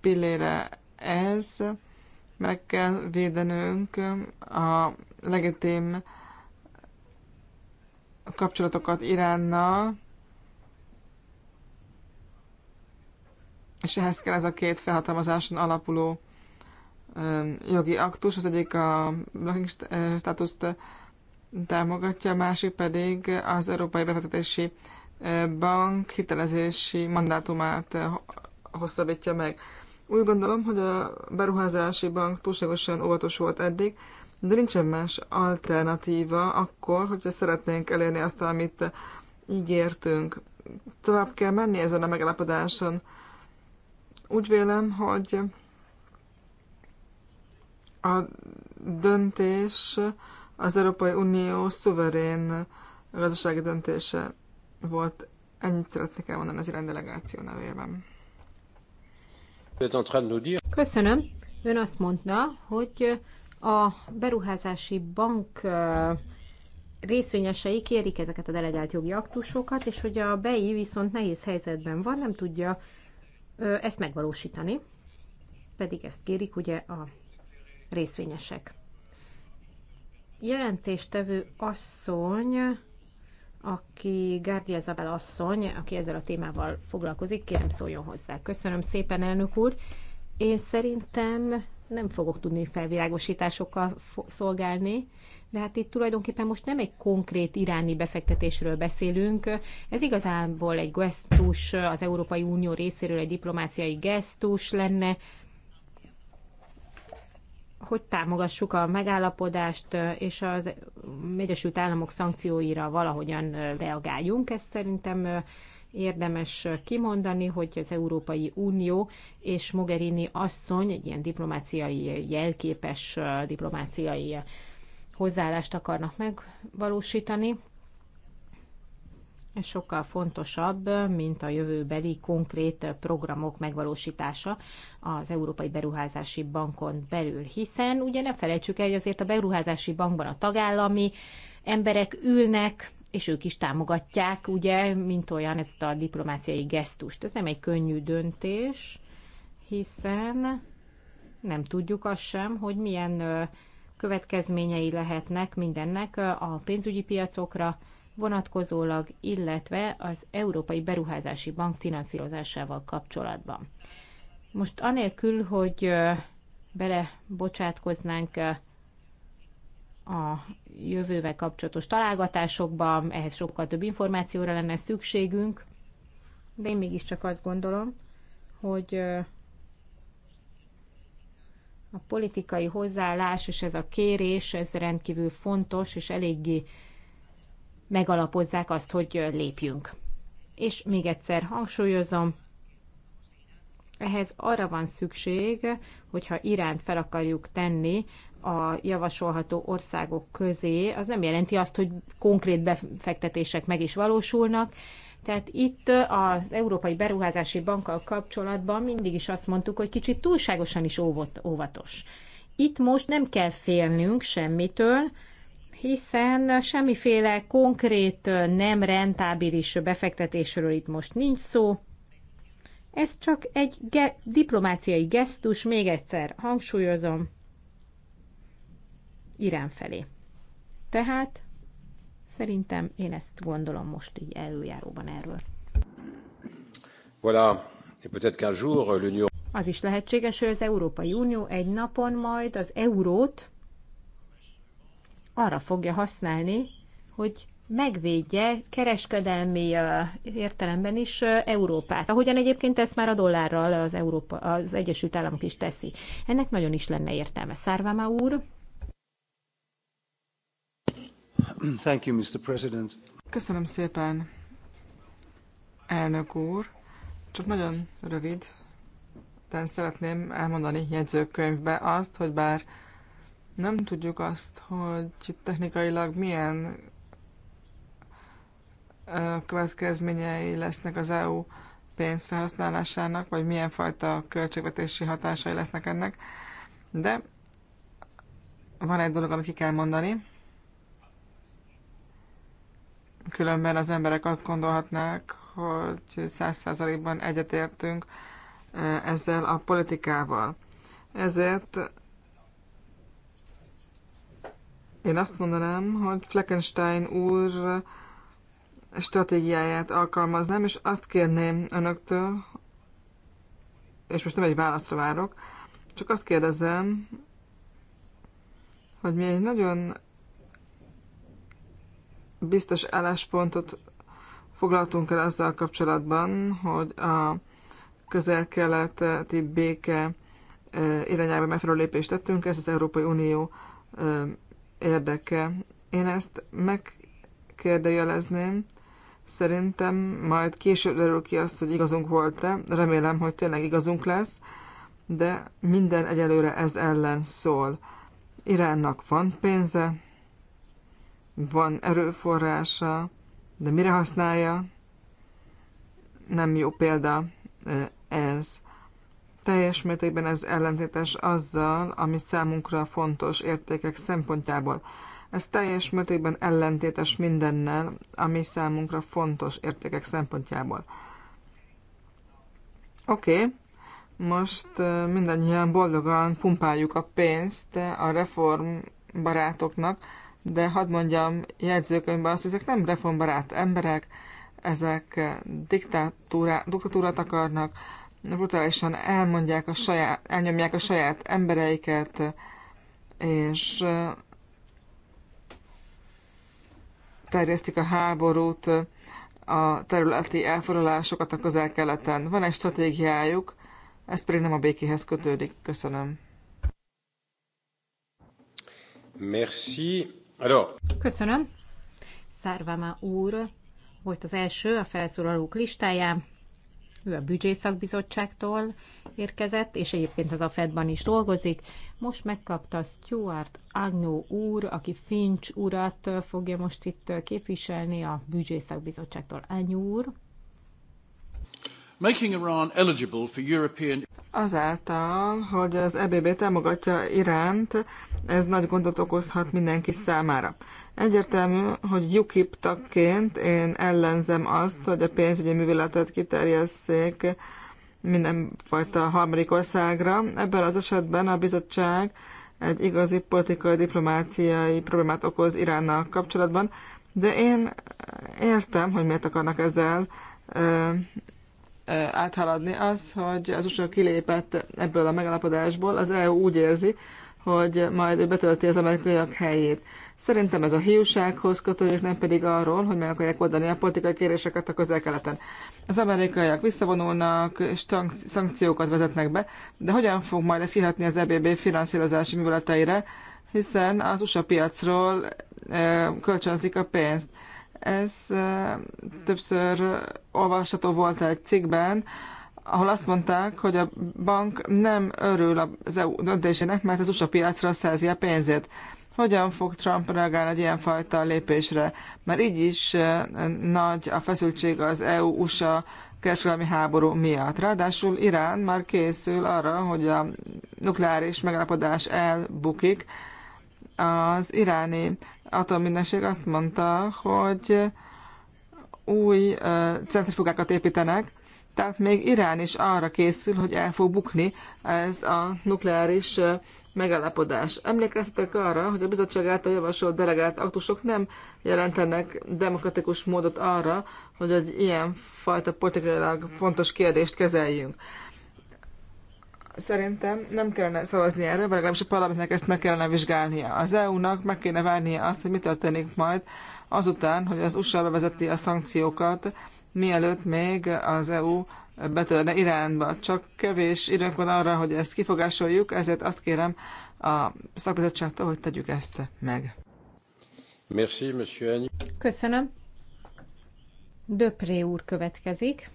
pillére ez, meg kell védenünk a legitim kapcsolatokat Iránnal, és ehhez kell ez a két felhatalmazáson alapuló jogi aktus, az egyik a blocking státuszt támogatja, a másik pedig az Európai Befektetési Bank hitelezési mandátumát hosszabbítja meg. Úgy gondolom, hogy a beruházási bank túlságosan óvatos volt eddig, de nincsen más alternatíva akkor, hogyha szeretnénk elérni azt, amit ígértünk. Tovább kell menni ezen a megállapodáson. Úgy vélem, hogy a döntés az Európai Unió szuverén gazdasági döntése volt. Ennyit szeretnék elmondani az iránydelegáció nevében. Köszönöm. Ön azt mondta, hogy a beruházási bank részvényesei kérik ezeket a delegált jogi aktusokat, és hogy a BEI viszont nehéz helyzetben van, nem tudja ezt megvalósítani, pedig ezt kérik ugye a részvényesek. Jelentéstevő asszony, aki Gárdia Zabel asszony, aki ezzel a témával foglalkozik, kérem szóljon hozzá. Köszönöm szépen, elnök úr. Én szerintem nem fogok tudni felvilágosításokkal szolgálni, de hát itt tulajdonképpen most nem egy konkrét iráni befektetésről beszélünk, ez igazából egy gesztus, az Európai Unió részéről egy diplomáciai gesztus lenne, hogy támogassuk a megállapodást, és az Egyesült Államok szankcióira valahogyan reagáljunk. Ez szerintem érdemes kimondani, hogy az Európai Unió és Mogherini asszony egy ilyen diplomáciai, jelképes diplomáciai hozzáállást akarnak megvalósítani. Ez sokkal fontosabb, mint a jövőbeli konkrét programok megvalósítása az Európai Beruházási Bankon belül, hiszen ugye ne felejtsük el, hogy azért a Beruházási Bankban a tagállami emberek ülnek, és ők is támogatják, ugye, mint olyan ezt a diplomáciai gesztust. Ez nem egy könnyű döntés, hiszen nem tudjuk azt sem, hogy milyen következményei lehetnek mindennek a pénzügyi piacokra vonatkozólag, illetve az Európai Beruházási Bank finanszírozásával kapcsolatban. Most anélkül, hogy belebocsátkoznánk a jövővel kapcsolatos találgatásokba, ehhez sokkal több információra lenne szükségünk, de én mégiscsak azt gondolom, hogy a politikai hozzáállás és ez a kérés, ez rendkívül fontos, és eléggé megalapozzák azt, hogy lépjünk. És még egyszer hangsúlyozom, ehhez arra van szükség, hogyha Iránt fel akarjuk tenni a javasolható országok közé, az nem jelenti azt, hogy konkrét befektetések meg is valósulnak. Tehát itt az Európai Beruházási Bankkal kapcsolatban mindig is azt mondtuk, hogy kicsit túlságosan is óvott, óvatos. Itt most nem kell félnünk semmitől, hiszen semmiféle konkrét nem rentábilis befektetésről itt most nincs szó. Ez csak egy ge- diplomáciai gesztus, még egyszer hangsúlyozom. Irán felé. Tehát szerintem én ezt gondolom most így előjáróban erről. Voilà. Et peut-être qu'un jour l'Union az is lehetséges, hogy az Európai Unió egy napon majd az eurót arra fogja használni, hogy megvédje kereskedelmi értelemben is Európát. Ahogyan egyébként ezt már a dollárral az, Európa, az Egyesült Államok is teszi. Ennek nagyon is lenne értelme. Szárváma úr, Thank you, Mr. President. Köszönöm szépen, elnök úr. Csak nagyon rövid, de szeretném elmondani jegyzőkönyvbe azt, hogy bár nem tudjuk azt, hogy technikailag milyen következményei lesznek az EU pénz felhasználásának, vagy milyen fajta költségvetési hatásai lesznek ennek. De van egy dolog, amit ki kell mondani. Különben az emberek azt gondolhatnák, hogy száz százalékban egyetértünk ezzel a politikával. Ezért én azt mondanám, hogy Fleckenstein úr stratégiáját alkalmaznám, és azt kérném önöktől, és most nem egy válaszra várok, csak azt kérdezem, hogy mi egy nagyon biztos álláspontot foglaltunk el azzal kapcsolatban, hogy a közel-keleti béke irányába megfelelő lépést tettünk, ez az Európai Unió érdeke. Én ezt megkérdőjelezném, szerintem majd később derül ki azt, hogy igazunk volt-e, remélem, hogy tényleg igazunk lesz, de minden egyelőre ez ellen szól. Iránnak van pénze, van erőforrása, de mire használja, nem jó példa ez. Teljes mértékben ez ellentétes azzal, ami számunkra fontos értékek szempontjából. Ez teljes mértékben ellentétes mindennel, ami számunkra fontos értékek szempontjából. Oké, okay. most mindannyian boldogan pumpáljuk a pénzt a reformbarátoknak, de hadd mondjam jegyzőkönyvben azt, hogy ezek nem reformbarát emberek, ezek diktatúra, diktatúrát akarnak, brutálisan elmondják a saját, elnyomják a saját embereiket, és terjesztik a háborút, a területi elfoglalásokat a közel-keleten. Van egy stratégiájuk, ez pedig nem a békéhez kötődik. Köszönöm. Merci. Köszönöm. Szárváma úr volt az első a felszólalók listáján. Ő a büdzsészakbizottságtól érkezett, és egyébként az AFED-ban is dolgozik. Most megkapta Stuart Agnó úr, aki Finch urat fogja most itt képviselni a büdzsészakbizottságtól. Agnew úr. Making Iran eligible for European... Azáltal, hogy az EBB támogatja Iránt, ez nagy gondot okozhat mindenki számára. Egyértelmű, hogy UKIP tagként én ellenzem azt, hogy a pénzügyi műveletet kiterjesszék mindenfajta harmadik országra. Ebben az esetben a bizottság egy igazi politikai, diplomáciai problémát okoz Iránnal kapcsolatban, de én értem, hogy miért akarnak ezzel áthaladni, az, hogy az USA kilépett ebből a megalapodásból, az EU úgy érzi, hogy majd betölti az amerikaiak helyét. Szerintem ez a hiúsághoz kötődik, nem pedig arról, hogy meg akarják oldani a politikai kéréseket a közel-keleten. Az amerikaiak visszavonulnak, és szankciókat vezetnek be, de hogyan fog majd ez kihatni az EBB finanszírozási műveleteire, hiszen az USA piacról kölcsönzik a pénzt. Ez többször olvasható volt egy cikkben, ahol azt mondták, hogy a bank nem örül az EU döntésének, mert az USA piacra szerzi a pénzét. Hogyan fog Trump reagálni egy ilyenfajta lépésre? Mert így is nagy a feszültség az EU-USA kereskedelmi háború miatt. Ráadásul Irán már készül arra, hogy a nukleáris megállapodás elbukik, az iráni atommindenség azt mondta, hogy új centrifugákat építenek, tehát még Irán is arra készül, hogy el fog bukni ez a nukleáris megállapodás. Emlékeztetek arra, hogy a bizottság által javasolt delegált aktusok nem jelentenek demokratikus módot arra, hogy egy ilyen fajta politikailag fontos kérdést kezeljünk. Szerintem nem kellene szavazni erről, vagy legalábbis a parlamentnek ezt meg kellene vizsgálnia. Az EU-nak meg kéne várnia azt, hogy mi történik majd azután, hogy az USA bevezeti a szankciókat, mielőtt még az EU betörne Iránba. Csak kevés időnk van arra, hogy ezt kifogásoljuk, ezért azt kérem a szakbizottságtól, hogy tegyük ezt meg. Merci, monsieur Köszönöm. Döpré úr következik.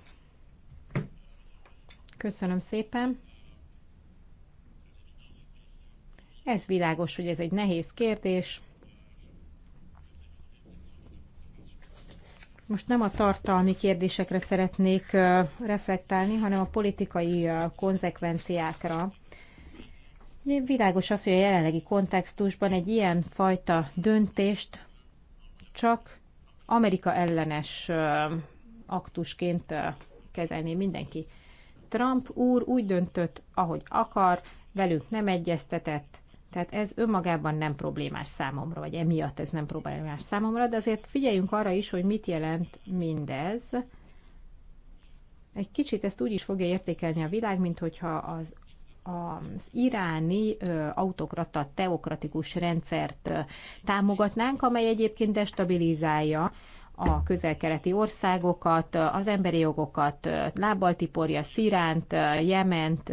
Köszönöm szépen. Ez világos, hogy ez egy nehéz kérdés. Most nem a tartalmi kérdésekre szeretnék reflektálni, hanem a politikai konzekvenciákra. Világos az, hogy a jelenlegi kontextusban egy ilyen fajta döntést csak Amerika ellenes aktusként kezelni mindenki. Trump úr úgy döntött, ahogy akar, velünk nem egyeztetett, tehát ez önmagában nem problémás számomra, vagy emiatt ez nem problémás számomra, de azért figyeljünk arra is, hogy mit jelent mindez. Egy kicsit ezt úgy is fogja értékelni a világ, mint hogyha az az iráni autokrata, teokratikus rendszert támogatnánk, amely egyébként destabilizálja a közelkeleti országokat, az emberi jogokat, lábbal tiporja Sziránt, Jement,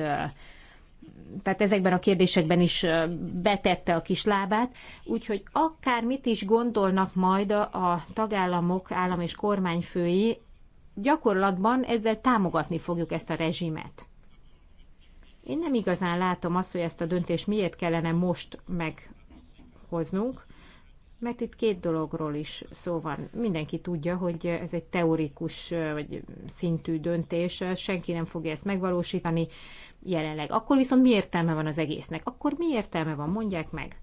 tehát ezekben a kérdésekben is betette a kis lábát, úgyhogy akár mit is gondolnak majd a tagállamok állam és kormányfői, gyakorlatban ezzel támogatni fogjuk ezt a rezsimet. Én nem igazán látom azt, hogy ezt a döntést miért kellene most meghoznunk mert itt két dologról is szó van. Mindenki tudja, hogy ez egy teorikus vagy szintű döntés, senki nem fogja ezt megvalósítani jelenleg. Akkor viszont mi értelme van az egésznek? Akkor mi értelme van? Mondják meg.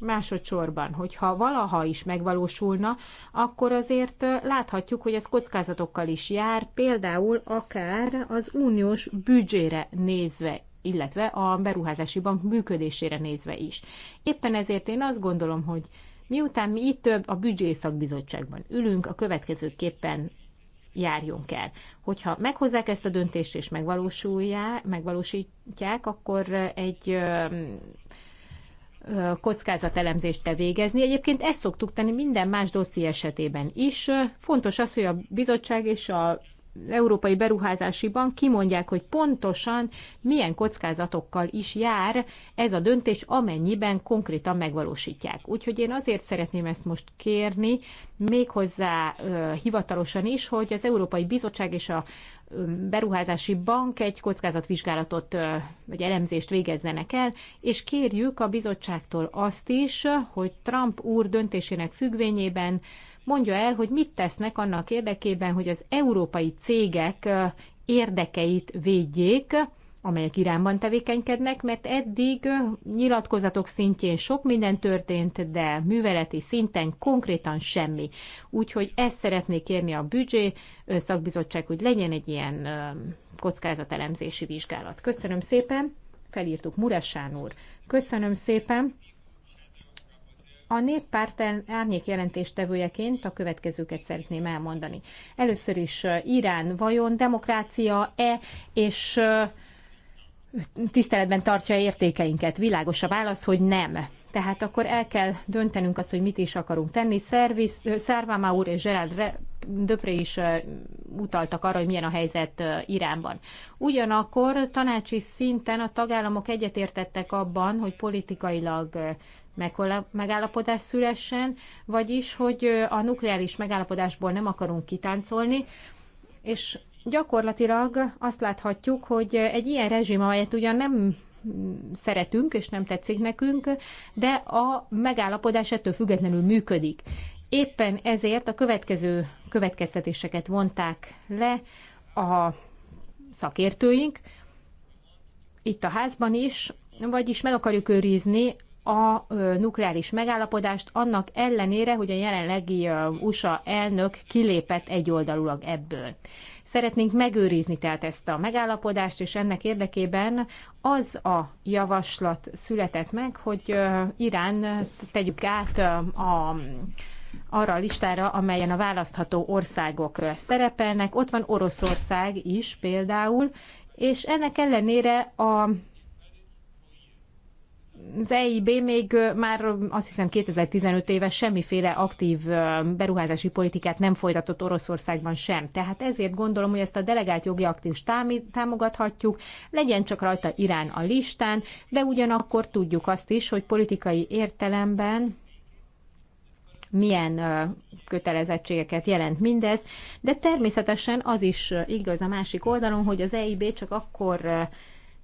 Másodszorban, hogyha valaha is megvalósulna, akkor azért láthatjuk, hogy ez kockázatokkal is jár, például akár az uniós büdzsére nézve illetve a beruházási bank működésére nézve is. Éppen ezért én azt gondolom, hogy miután mi itt több a büdzsészakbizottságban ülünk, a következőképpen járjunk el. Hogyha meghozzák ezt a döntést és megvalósítják, akkor egy kockázatelemzést kell végezni. Egyébként ezt szoktuk tenni minden más dosszi esetében is. Fontos az, hogy a bizottság és a Európai Beruházási Bank kimondják, hogy pontosan milyen kockázatokkal is jár ez a döntés, amennyiben konkrétan megvalósítják. Úgyhogy én azért szeretném ezt most kérni, méghozzá ö, hivatalosan is, hogy az Európai Bizottság és a Beruházási Bank egy kockázatvizsgálatot vagy elemzést végezzenek el, és kérjük a bizottságtól azt is, hogy Trump úr döntésének függvényében mondja el, hogy mit tesznek annak érdekében, hogy az európai cégek érdekeit védjék, amelyek Iránban tevékenykednek, mert eddig nyilatkozatok szintjén sok minden történt, de műveleti szinten konkrétan semmi. Úgyhogy ezt szeretnék kérni a büdzsé szakbizottság, hogy legyen egy ilyen kockázatelemzési vizsgálat. Köszönöm szépen, felírtuk Muresán úr. Köszönöm szépen. A néppárt árnyék jelentéstevőjeként a következőket szeretném elmondani. Először is Irán vajon demokrácia-e, és tiszteletben tartja értékeinket? Világos a válasz, hogy nem. Tehát akkor el kell döntenünk azt, hogy mit is akarunk tenni. Szerviz, Szárvámá úr és Gerard Döpré is utaltak arra, hogy milyen a helyzet Iránban. Ugyanakkor tanácsi szinten a tagállamok egyetértettek abban, hogy politikailag megállapodás szülessen, vagyis, hogy a nukleáris megállapodásból nem akarunk kitáncolni, és gyakorlatilag azt láthatjuk, hogy egy ilyen rezsim, amelyet ugyan nem szeretünk és nem tetszik nekünk, de a megállapodás ettől függetlenül működik. Éppen ezért a következő következtetéseket vonták le a szakértőink, itt a házban is, vagyis meg akarjuk őrizni a nukleáris megállapodást, annak ellenére, hogy a jelenlegi USA elnök kilépett egyoldalulag ebből. Szeretnénk megőrizni tehát ezt a megállapodást, és ennek érdekében az a javaslat született meg, hogy Irán tegyük át a arra a listára, amelyen a választható országok szerepelnek. Ott van Oroszország is például, és ennek ellenére a az EIB még már azt hiszem 2015 éve semmiféle aktív beruházási politikát nem folytatott Oroszországban sem. Tehát ezért gondolom, hogy ezt a delegált jogi aktív támogathatjuk, legyen csak rajta Irán a listán, de ugyanakkor tudjuk azt is, hogy politikai értelemben milyen kötelezettségeket jelent mindez, de természetesen az is igaz a másik oldalon, hogy az EIB csak akkor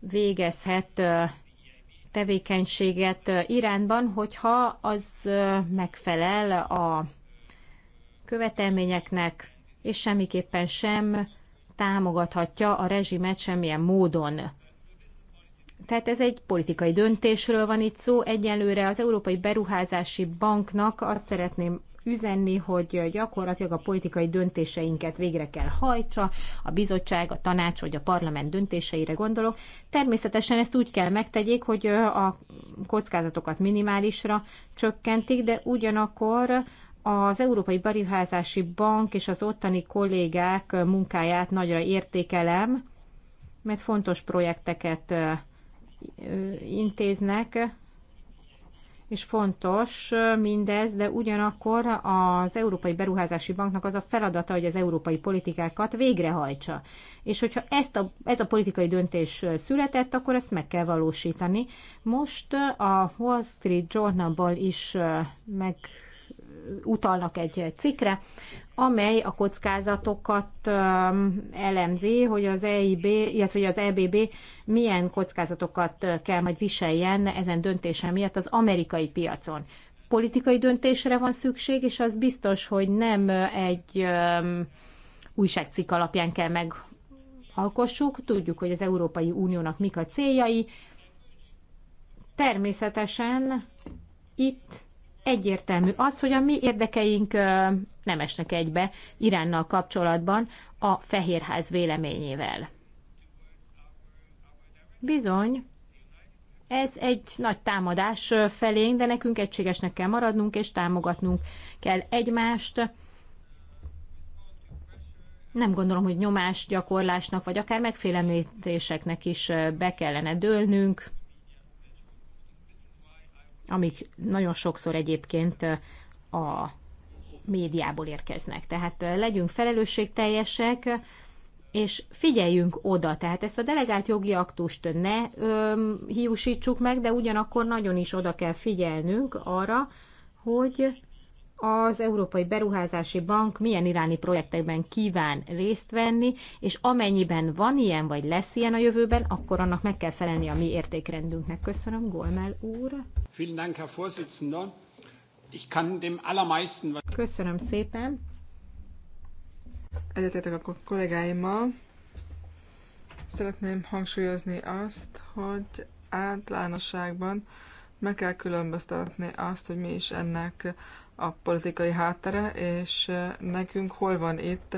végezhet tevékenységet Iránban, hogyha az megfelel a követelményeknek, és semmiképpen sem támogathatja a rezsimet semmilyen módon. Tehát ez egy politikai döntésről van itt szó. Egyelőre az Európai Beruházási Banknak azt szeretném üzenni, hogy gyakorlatilag a politikai döntéseinket végre kell hajtsa, a bizottság, a tanács vagy a parlament döntéseire gondolok. Természetesen ezt úgy kell megtegyék, hogy a kockázatokat minimálisra csökkentik, de ugyanakkor az Európai Beruházási Bank és az ottani kollégák munkáját nagyra értékelem, mert fontos projekteket intéznek, és fontos mindez, de ugyanakkor az Európai Beruházási Banknak az a feladata, hogy az európai politikákat végrehajtsa. És hogyha ezt a, ez a politikai döntés született, akkor ezt meg kell valósítani. Most a Wall Street Journal-ból is meg utalnak egy cikkre, amely a kockázatokat elemzi, hogy az EIB, illetve hogy az EBB milyen kockázatokat kell majd viseljen ezen döntése miatt az amerikai piacon. Politikai döntésre van szükség, és az biztos, hogy nem egy újságcikk alapján kell megalkossuk. Tudjuk, hogy az Európai Uniónak mik a céljai. Természetesen itt egyértelmű az, hogy a mi érdekeink nem esnek egybe Iránnal kapcsolatban a Fehérház véleményével. Bizony, ez egy nagy támadás felénk, de nekünk egységesnek kell maradnunk, és támogatnunk kell egymást. Nem gondolom, hogy nyomás gyakorlásnak, vagy akár megfélemlítéseknek is be kellene dőlnünk, amik nagyon sokszor egyébként a médiából érkeznek. Tehát legyünk felelősségteljesek, és figyeljünk oda, tehát ezt a delegált jogi aktust ne öm, hiúsítsuk meg, de ugyanakkor nagyon is oda kell figyelnünk arra, hogy az Európai Beruházási Bank milyen irányi projektekben kíván részt venni, és amennyiben van ilyen, vagy lesz ilyen a jövőben, akkor annak meg kell felelni a mi értékrendünknek. Köszönöm, Golmel úr. Vielen Dank, Herr Vorsitzender. Ich kann dem allermeisten... Köszönöm szépen. Egyetértek a kollégáimmal. Szeretném hangsúlyozni azt, hogy általánosságban meg kell különböztetni azt, hogy mi is ennek a politikai háttere, és eh, nekünk hol van itt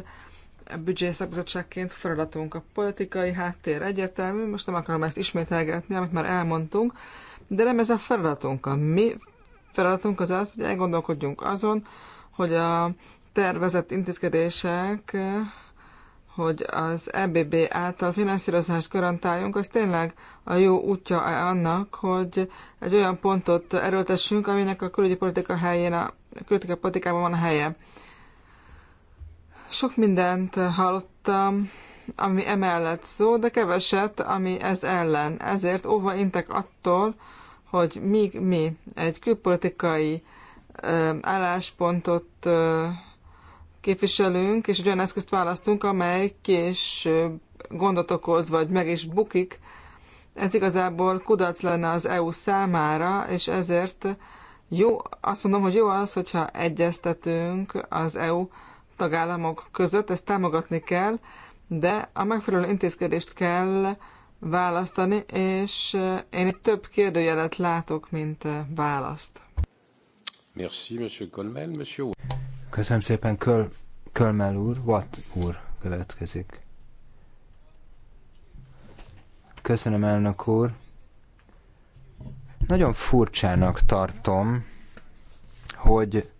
büdzsészakbizottságként feladatunk. A politikai háttér egyértelmű, most nem akarom ezt ismételgetni, amit már elmondtunk, de nem ez a feladatunk. A mi feladatunk az az, hogy elgondolkodjunk azon, hogy a tervezett intézkedések, hogy az EBB által finanszírozást garantáljunk, az tényleg a jó útja annak, hogy egy olyan pontot erőltessünk, aminek a külügyi politika helyén, a külügyi politikában van a helye. Sok mindent hallottam, ami emellett szó, de keveset, ami ez ellen. Ezért óva intek attól, hogy míg mi egy külpolitikai álláspontot képviselünk, és egy olyan eszközt választunk, amely később gondot okoz, vagy meg is bukik, ez igazából kudarc lenne az EU számára, és ezért jó, azt mondom, hogy jó az, hogyha egyeztetünk az EU tagállamok között, ezt támogatni kell, de a megfelelő intézkedést kell választani, és eh, én itt több kérdőjelet látok, mint eh, választ. Merci, Monsieur Colmel, Monsieur. Köszönöm szépen, Köl, Kölmel úr, Watt úr következik. Köszönöm, elnök úr. Nagyon furcsának tartom, hogy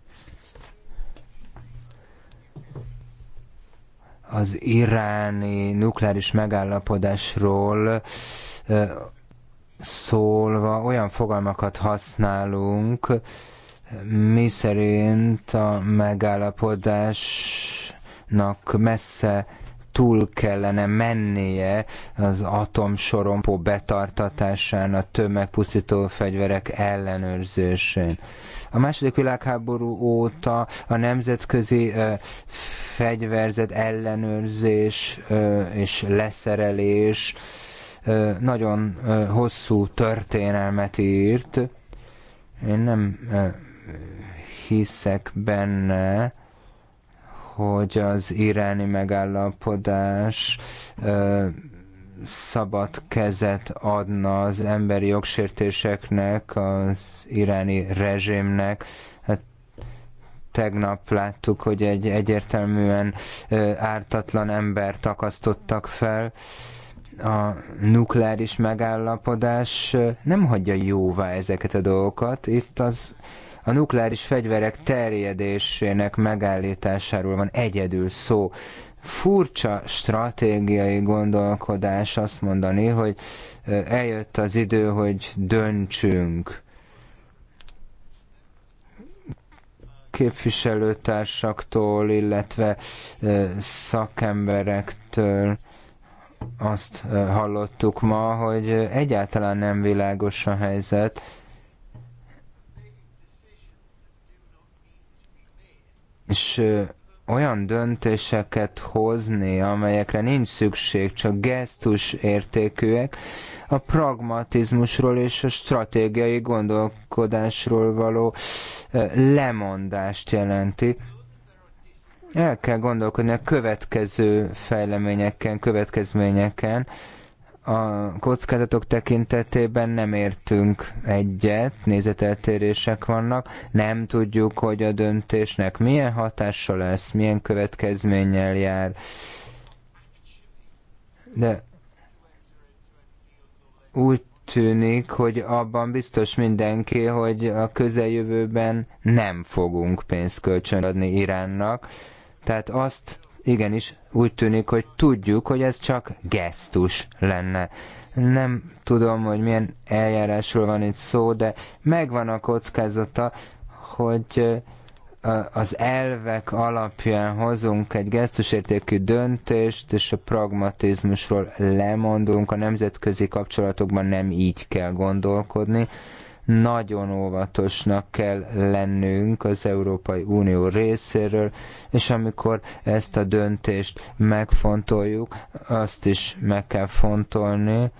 az iráni nukleáris megállapodásról szólva olyan fogalmakat használunk, mi szerint a megállapodásnak messze túl kellene mennie az atomsorompó betartatásán, a tömegpusztító fegyverek ellenőrzésén. A második világháború óta a nemzetközi fegyverzet ellenőrzés és leszerelés nagyon hosszú történelmet írt. Én nem hiszek benne, hogy az iráni megállapodás szabad kezet adna az emberi jogsértéseknek, az iráni rezsimnek. Hát tegnap láttuk, hogy egy egyértelműen ártatlan embert akasztottak fel. A nukleáris megállapodás nem hagyja jóvá ezeket a dolgokat. Itt az a nukleáris fegyverek terjedésének megállításáról van egyedül szó furcsa stratégiai gondolkodás azt mondani, hogy eljött az idő, hogy döntsünk. Képviselőtársaktól, illetve szakemberektől azt hallottuk ma, hogy egyáltalán nem világos a helyzet, és olyan döntéseket hozni, amelyekre nincs szükség, csak gesztus értékűek, a pragmatizmusról és a stratégiai gondolkodásról való lemondást jelenti. El kell gondolkodni a következő fejleményeken, következményeken, a kockázatok tekintetében nem értünk egyet, nézeteltérések vannak, nem tudjuk, hogy a döntésnek milyen hatása lesz, milyen következménnyel jár. De úgy tűnik, hogy abban biztos mindenki, hogy a közeljövőben nem fogunk pénzt kölcsön adni Iránnak. Tehát azt igenis úgy tűnik, hogy tudjuk, hogy ez csak gesztus lenne. Nem tudom, hogy milyen eljárásról van itt szó, de megvan a kockázata, hogy az elvek alapján hozunk egy gesztusértékű döntést, és a pragmatizmusról lemondunk. A nemzetközi kapcsolatokban nem így kell gondolkodni. Nagyon óvatosnak kell lennünk az Európai Unió részéről, és amikor ezt a döntést megfontoljuk, azt is meg kell fontolni,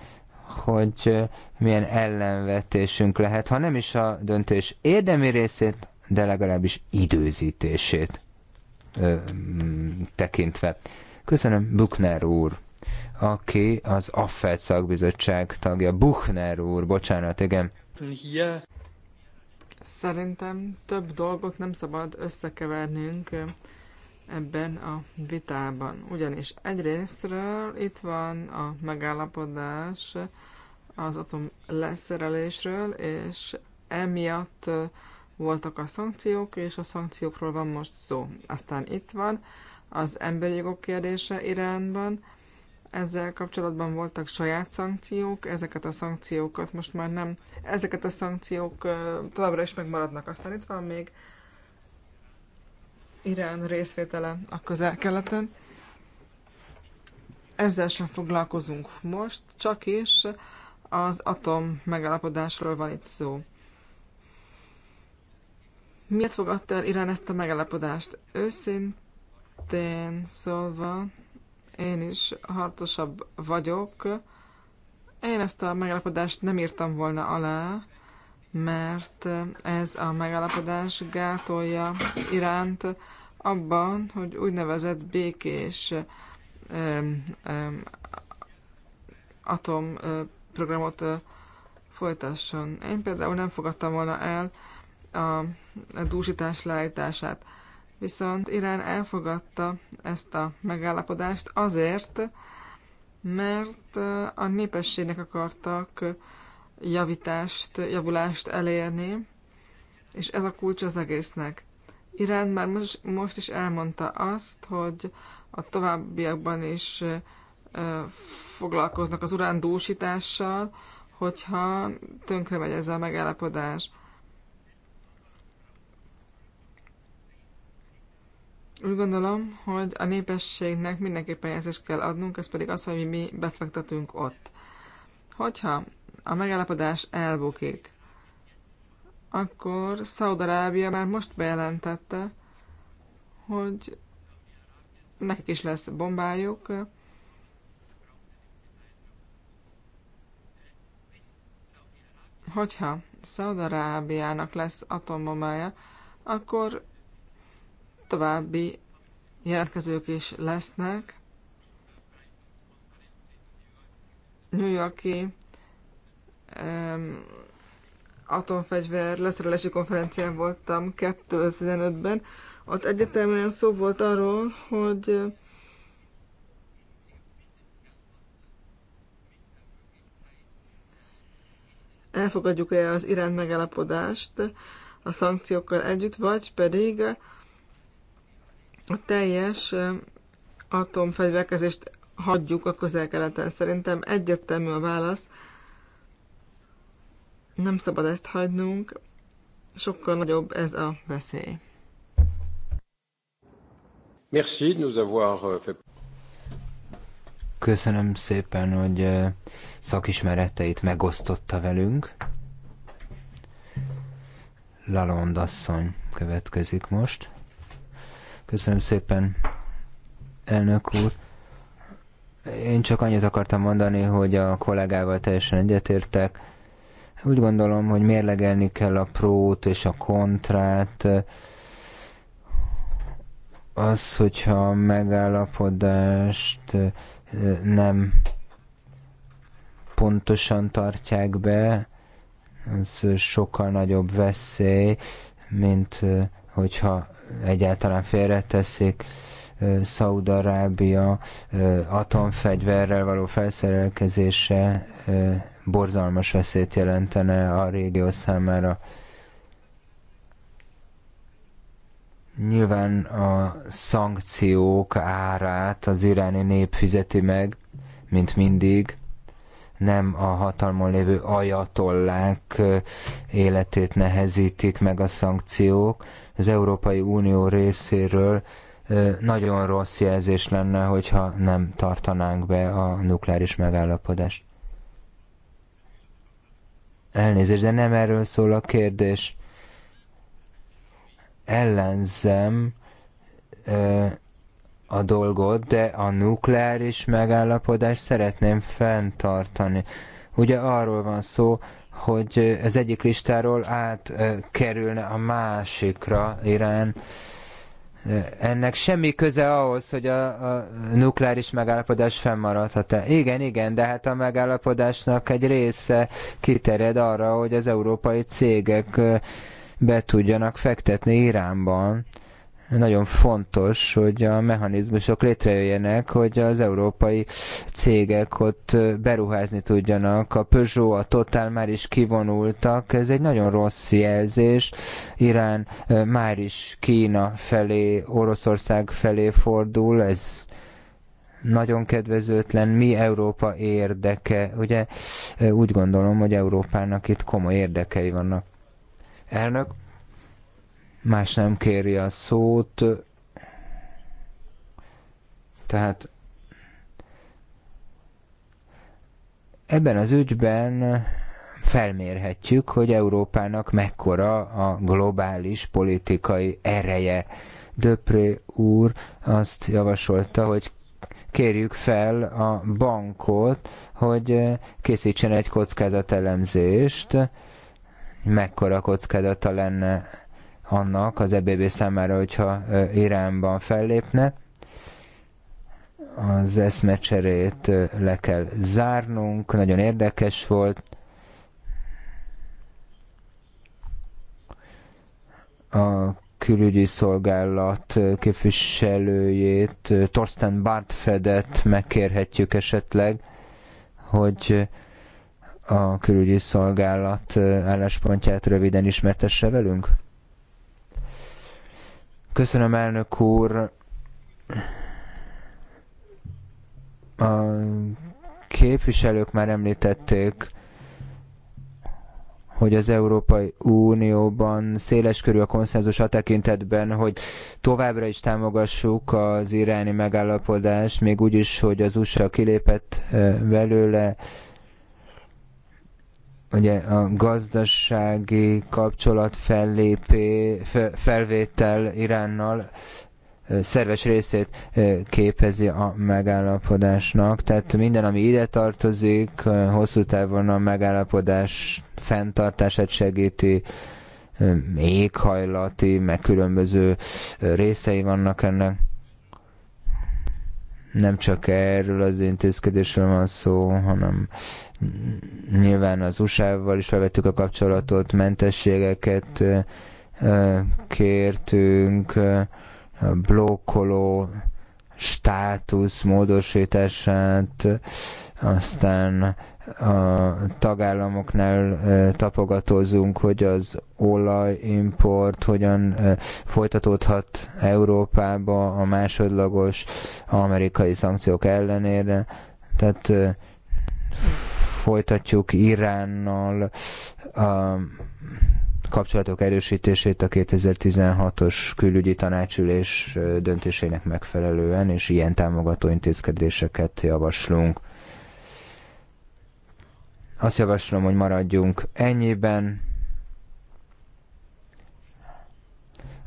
hogy milyen ellenvetésünk lehet, ha nem is a döntés érdemi részét, de legalábbis időzítését ö, tekintve. Köszönöm, Buchner úr, aki az AFED szakbizottság tagja. Buchner úr, bocsánat, igen. Szerintem több dolgot nem szabad összekevernünk ebben a vitában. Ugyanis egyrésztről itt van a megállapodás az atom leszerelésről, és emiatt voltak a szankciók, és a szankciókról van most szó. Aztán itt van az emberi jogok kérdése Iránban, ezzel kapcsolatban voltak saját szankciók, ezeket a szankciókat most már nem, ezeket a szankciók továbbra is megmaradnak. Aztán itt van még Irán részvétele a közel-keleten. Ezzel sem foglalkozunk most, csak is az atom megállapodásról van itt szó. Miért fogadta el Irán ezt a megállapodást? Őszintén szólva, én is harcosabb vagyok. Én ezt a megállapodást nem írtam volna alá, mert ez a megállapodás gátolja iránt abban, hogy úgynevezett békés atomprogramot folytasson. Én például nem fogadtam volna el a, a dúsítás leállítását viszont Irán elfogadta ezt a megállapodást azért, mert eh, a népességnek akartak eh, javítást, javulást elérni, és ez a kulcs az egésznek. Irán már most, most is elmondta azt, hogy a továbbiakban is eh, foglalkoznak az urándúsítással, hogyha tönkre megy ez a megállapodás. Úgy gondolom, hogy a népességnek mindenképpen jelzést kell adnunk, ez pedig az, hogy mi befektetünk ott. Hogyha a megállapodás elbukik, akkor Szaudarábia már most bejelentette, hogy nekik is lesz bombájuk. Hogyha Szaudarábiának lesz atombombája, akkor további jelentkezők is lesznek. New Yorki um, atomfegyver leszerelési konferencián voltam 2015-ben. Ott egyetemen szó volt arról, hogy elfogadjuk-e az iránt megállapodást a szankciókkal együtt, vagy pedig a teljes atomfegyverkezést hagyjuk a közel-keleten. Szerintem egyértelmű a válasz. Nem szabad ezt hagynunk, sokkal nagyobb ez a veszély. Merci nous avoir euh, fait... Köszönöm szépen, hogy szakismereteit megosztotta velünk. asszony következik most. Köszönöm szépen, elnök úr. Én csak annyit akartam mondani, hogy a kollégával teljesen egyetértek. Úgy gondolom, hogy mérlegelni kell a prót és a kontrát. Az, hogyha a megállapodást eh, nem pontosan tartják be, az sokkal nagyobb veszély, mint eh, hogyha egyáltalán félreteszik. Szaudarábia atomfegyverrel való felszerelkezése borzalmas veszélyt jelentene a régió számára. Nyilván a szankciók árát az iráni nép fizeti meg, mint mindig, nem a hatalmon lévő ajatollák életét nehezítik meg a szankciók, az Európai Unió részéről nagyon rossz jelzés lenne, hogyha nem tartanánk be a nukleáris megállapodást. Elnézést, de nem erről szól a kérdés. Ellenzem a dolgot, de a nukleáris megállapodást szeretném fenntartani. Ugye arról van szó, hogy az egyik listáról átkerülne a másikra Irán. Ennek semmi köze ahhoz, hogy a, a nukleáris megállapodás fennmaradhat-e. Igen, igen, de hát a megállapodásnak egy része kitered arra, hogy az európai cégek be tudjanak fektetni Iránban. Nagyon fontos, hogy a mechanizmusok létrejöjjenek, hogy az európai cégek ott beruházni tudjanak. A Peugeot, a Total már is kivonultak. Ez egy nagyon rossz jelzés. Irán már is Kína felé, Oroszország felé fordul. Ez nagyon kedvezőtlen, mi Európa érdeke. Ugye úgy gondolom, hogy Európának itt komoly érdekei vannak. Elnök, Más nem kéri a szót. Tehát ebben az ügyben felmérhetjük, hogy Európának mekkora a globális politikai ereje. Döpré úr azt javasolta, hogy kérjük fel a bankot, hogy készítsen egy kockázatelemzést, mekkora kockázata lenne annak az EBB számára, hogyha Iránban fellépne. Az eszmecserét le kell zárnunk, nagyon érdekes volt. A külügyi szolgálat képviselőjét, Torsten Bartfedet megkérhetjük esetleg, hogy a külügyi szolgálat álláspontját röviden ismertesse velünk? Köszönöm, elnök úr. A képviselők már említették, hogy az Európai Unióban széles körű a konszenzus a tekintetben, hogy továbbra is támogassuk az iráni megállapodást, még úgy is, hogy az USA kilépett eh, belőle, ugye a gazdasági kapcsolat fellépé, felvétel Iránnal szerves részét képezi a megállapodásnak. Tehát minden, ami ide tartozik, hosszú távon a megállapodás fenntartását segíti, éghajlati, meg különböző részei vannak ennek nem csak erről az intézkedésről van szó, hanem nyilván az USA-val is felvettük a kapcsolatot, mentességeket kértünk, blokkoló státusz módosítását, aztán a tagállamoknál tapogatózunk, hogy az olajimport hogyan folytatódhat Európába a másodlagos amerikai szankciók ellenére. Tehát folytatjuk Iránnal a kapcsolatok erősítését a 2016-os külügyi tanácsülés döntésének megfelelően, és ilyen támogató intézkedéseket javaslunk. Azt javaslom, hogy maradjunk ennyiben.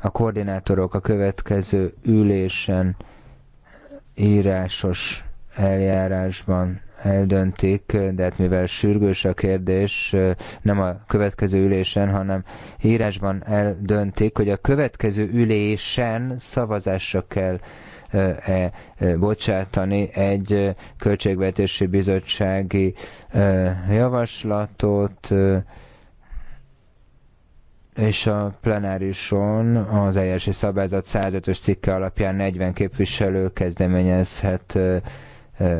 A koordinátorok a következő ülésen írásos eljárásban eldöntik, de hát mivel sürgős a kérdés, nem a következő ülésen, hanem írásban eldöntik, hogy a következő ülésen szavazásra kell E, -e bocsátani egy e, költségvetési bizottsági e, javaslatot, és a plenárison az eljárási szabályzat 105-ös cikke alapján 40 képviselő kezdeményezhet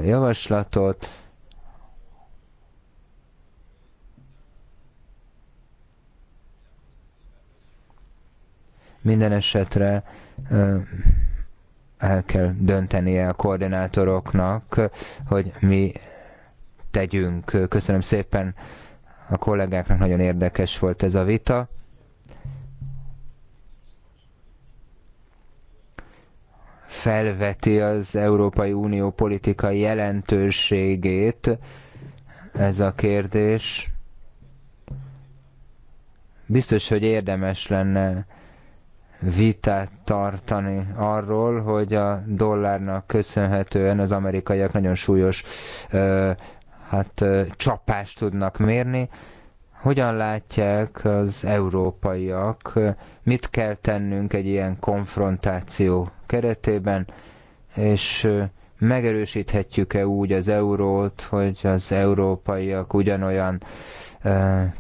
javaslatot. Minden esetre el kell döntenie a koordinátoroknak, hogy mi tegyünk. Köszönöm szépen a kollégáknak, nagyon érdekes volt ez a vita. Felveti az Európai Unió politikai jelentőségét ez a kérdés. Biztos, hogy érdemes lenne vitát tartani arról, hogy a dollárnak köszönhetően az amerikaiak nagyon súlyos hát, csapást tudnak mérni. Hogyan látják az európaiak, mit kell tennünk egy ilyen konfrontáció keretében, és megerősíthetjük-e úgy az eurót, hogy az európaiak ugyanolyan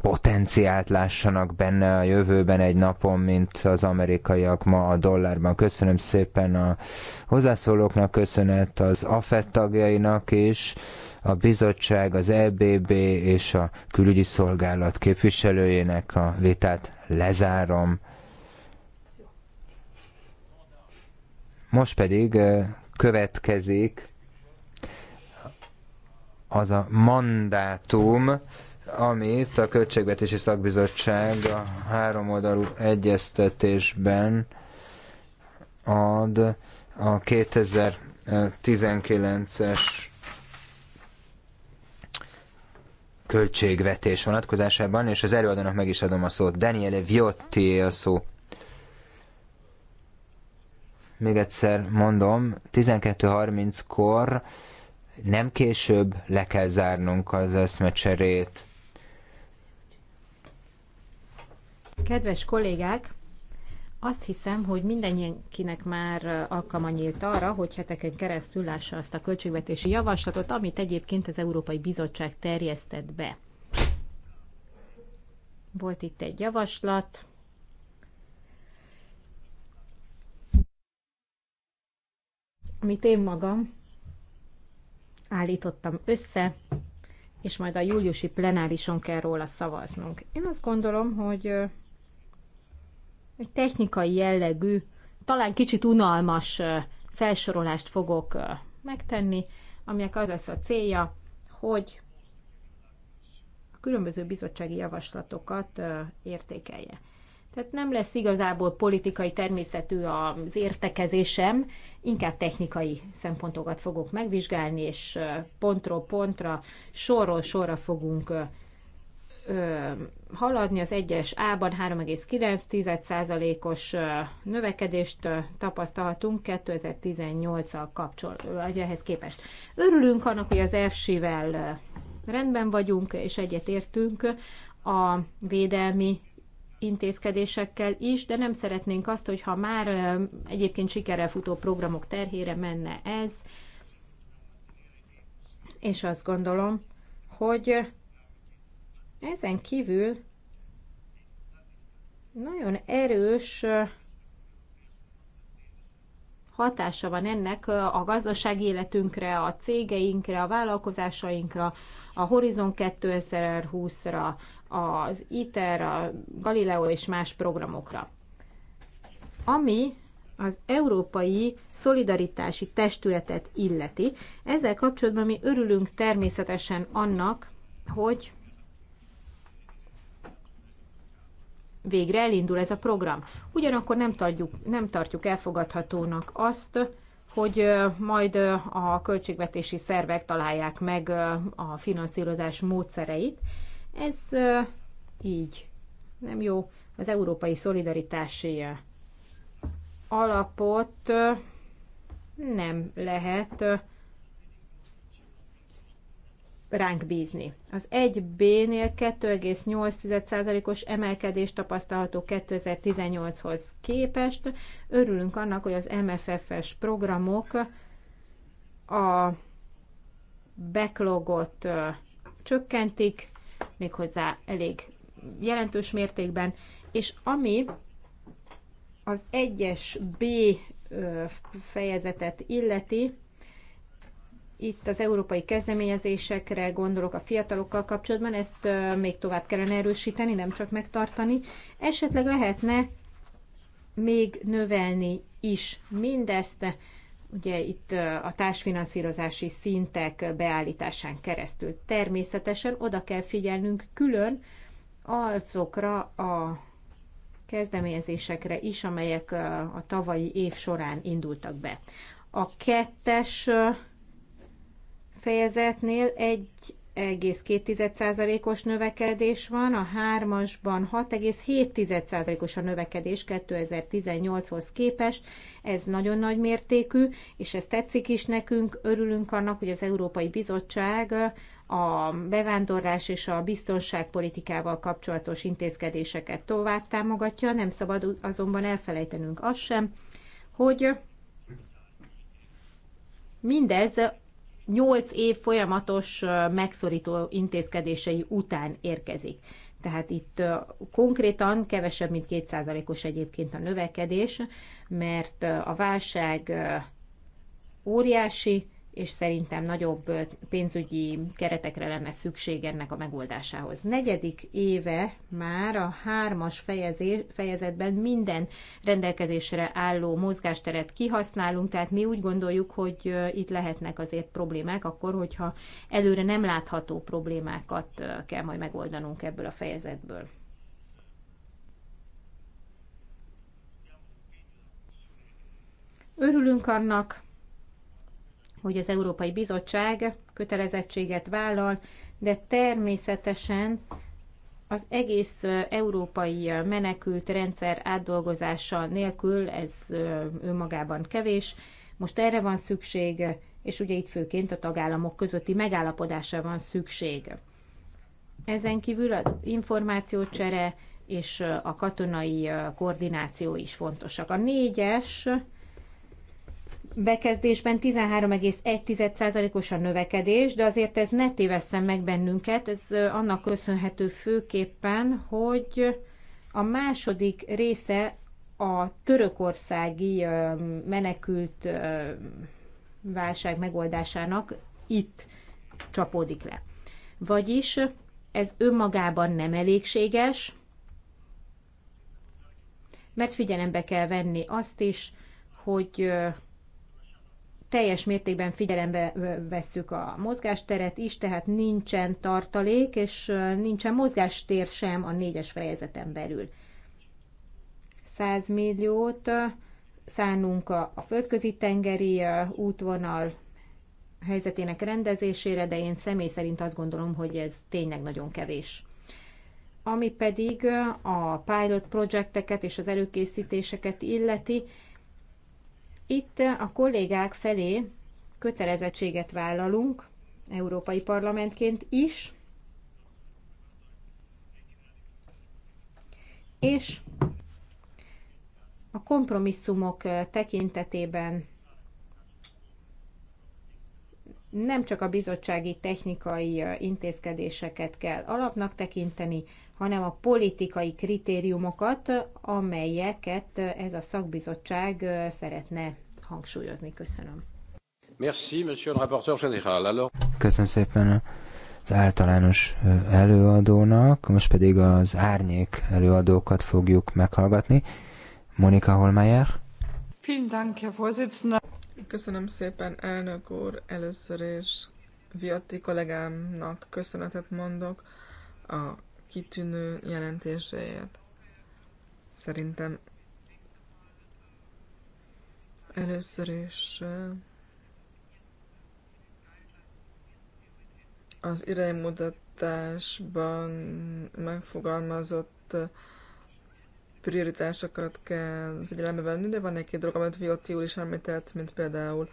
potenciált lássanak benne a jövőben egy napon, mint az amerikaiak ma a dollárban. Köszönöm szépen a hozzászólóknak, köszönet az AFET tagjainak is, a bizottság, az EBB és a külügyi szolgálat képviselőjének a vitát lezárom. Most pedig következik az a mandátum, amit a Költségvetési Szakbizottság a oldalú egyeztetésben ad a 2019-es költségvetés vonatkozásában, és az előadónak meg is adom a szót. Daniele Viotti a szó. Még egyszer mondom, 12.30-kor nem később le kell zárnunk az eszmecserét Kedves kollégák, azt hiszem, hogy mindenkinek már alkalma nyílt arra, hogy heteken keresztül lássa azt a költségvetési javaslatot, amit egyébként az Európai Bizottság terjesztett be. Volt itt egy javaslat, amit én magam állítottam össze, és majd a júliusi plenárison kell róla szavaznunk. Én azt gondolom, hogy egy technikai jellegű, talán kicsit unalmas felsorolást fogok megtenni, aminek az lesz a célja, hogy a különböző bizottsági javaslatokat értékelje. Tehát nem lesz igazából politikai természetű az értekezésem, inkább technikai szempontokat fogok megvizsgálni, és pontról pontra, sorról sorra fogunk haladni, az egyes A-ban 3,9%-os növekedést tapasztalhatunk 2018-al kapcsolatban, ehhez képest. Örülünk annak, hogy az EFSI-vel rendben vagyunk, és egyetértünk a védelmi intézkedésekkel is, de nem szeretnénk azt, hogyha már egyébként sikerrel futó programok terhére menne ez, és azt gondolom, hogy ezen kívül nagyon erős hatása van ennek a gazdasági életünkre, a cégeinkre, a vállalkozásainkra, a Horizon 2020-ra, az ITER, a Galileo és más programokra. Ami az Európai Szolidaritási Testületet illeti, ezzel kapcsolatban mi örülünk természetesen annak, hogy végre elindul ez a program. Ugyanakkor nem, tartjuk, nem tartjuk elfogadhatónak azt, hogy majd a költségvetési szervek találják meg a finanszírozás módszereit. Ez így nem jó. Az európai szolidaritási alapot nem lehet ránk bízni. Az 1B-nél 2,8%-os emelkedés tapasztalható 2018-hoz képest. Örülünk annak, hogy az MFF-es programok a backlogot csökkentik, méghozzá elég jelentős mértékben, és ami az 1-es B fejezetet illeti, itt az európai kezdeményezésekre gondolok a fiatalokkal kapcsolatban, ezt még tovább kellene erősíteni, nem csak megtartani. Esetleg lehetne még növelni is mindezt, ugye itt a társfinanszírozási szintek beállításán keresztül. Természetesen oda kell figyelnünk külön azokra a kezdeményezésekre is, amelyek a tavalyi év során indultak be. A kettes fejezetnél egy 1,2%-os növekedés van, a hármasban 6,7%-os a növekedés 2018-hoz képest. Ez nagyon nagy mértékű, és ez tetszik is nekünk. Örülünk annak, hogy az Európai Bizottság a bevándorlás és a biztonságpolitikával kapcsolatos intézkedéseket tovább támogatja. Nem szabad azonban elfelejtenünk azt sem, hogy mindez 8 év folyamatos megszorító intézkedései után érkezik. Tehát itt konkrétan kevesebb, mint kétszázalékos os egyébként a növekedés, mert a válság óriási, és szerintem nagyobb pénzügyi keretekre lenne szükség ennek a megoldásához. Negyedik éve már a hármas fejezé, fejezetben minden rendelkezésre álló mozgásteret kihasználunk, tehát mi úgy gondoljuk, hogy itt lehetnek azért problémák, akkor, hogyha előre nem látható problémákat kell majd megoldanunk ebből a fejezetből. Örülünk annak, hogy az Európai Bizottság kötelezettséget vállal, de természetesen az egész európai menekült rendszer átdolgozása nélkül ez önmagában kevés. Most erre van szükség, és ugye itt főként a tagállamok közötti megállapodásra van szükség. Ezen kívül a információcsere és a katonai koordináció is fontosak. A négyes bekezdésben 13,1%-os a növekedés, de azért ez ne tévesszen meg bennünket, ez annak köszönhető főképpen, hogy a második része a törökországi menekült válság megoldásának itt csapódik le. Vagyis ez önmagában nem elégséges, mert figyelembe kell venni azt is, hogy teljes mértékben figyelembe vesszük a mozgásteret is, tehát nincsen tartalék, és nincsen mozgástér sem a négyes fejezeten belül. 100 milliót szánunk a földközi tengeri útvonal helyzetének rendezésére, de én személy szerint azt gondolom, hogy ez tényleg nagyon kevés. Ami pedig a pilot projekteket és az előkészítéseket illeti, itt a kollégák felé kötelezettséget vállalunk, Európai Parlamentként is, és a kompromisszumok tekintetében nem csak a bizottsági technikai intézkedéseket kell alapnak tekinteni, hanem a politikai kritériumokat, amelyeket ez a szakbizottság szeretne hangsúlyozni. Köszönöm. Merci, monsieur le rapporteur général. Alors... Köszönöm szépen az általános előadónak, most pedig az árnyék előadókat fogjuk meghallgatni. Monika Holmeyer. Vielen Dank, Herr Vorsitzender. Köszönöm szépen, elnök úr. Először is Viatti kollégámnak köszönetet mondok a kitűnő jelentéséért. Szerintem először is az iránymutatásban megfogalmazott prioritásokat kell figyelembe venni, de van egy-két dolog, amit Vioti úr is említett, mint például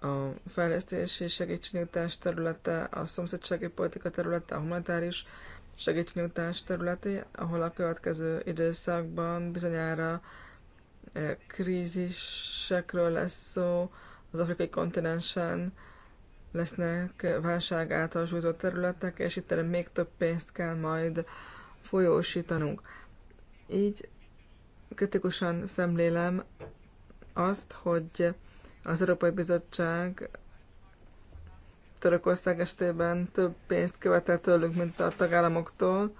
a fejlesztési segítségnyújtás területe, a szomszédsági politika területe, a humanitáris segítségnyújtás területi, ahol a következő időszakban bizonyára eh, krízisekről lesz szó, az afrikai kontinensen lesznek válság által sújtott területek, és itt erre még több pénzt kell majd folyósítanunk. Így kritikusan szemlélem azt, hogy az Európai Bizottság Törökország esetében több pénzt követel tőlünk, mint a tagállamoktól.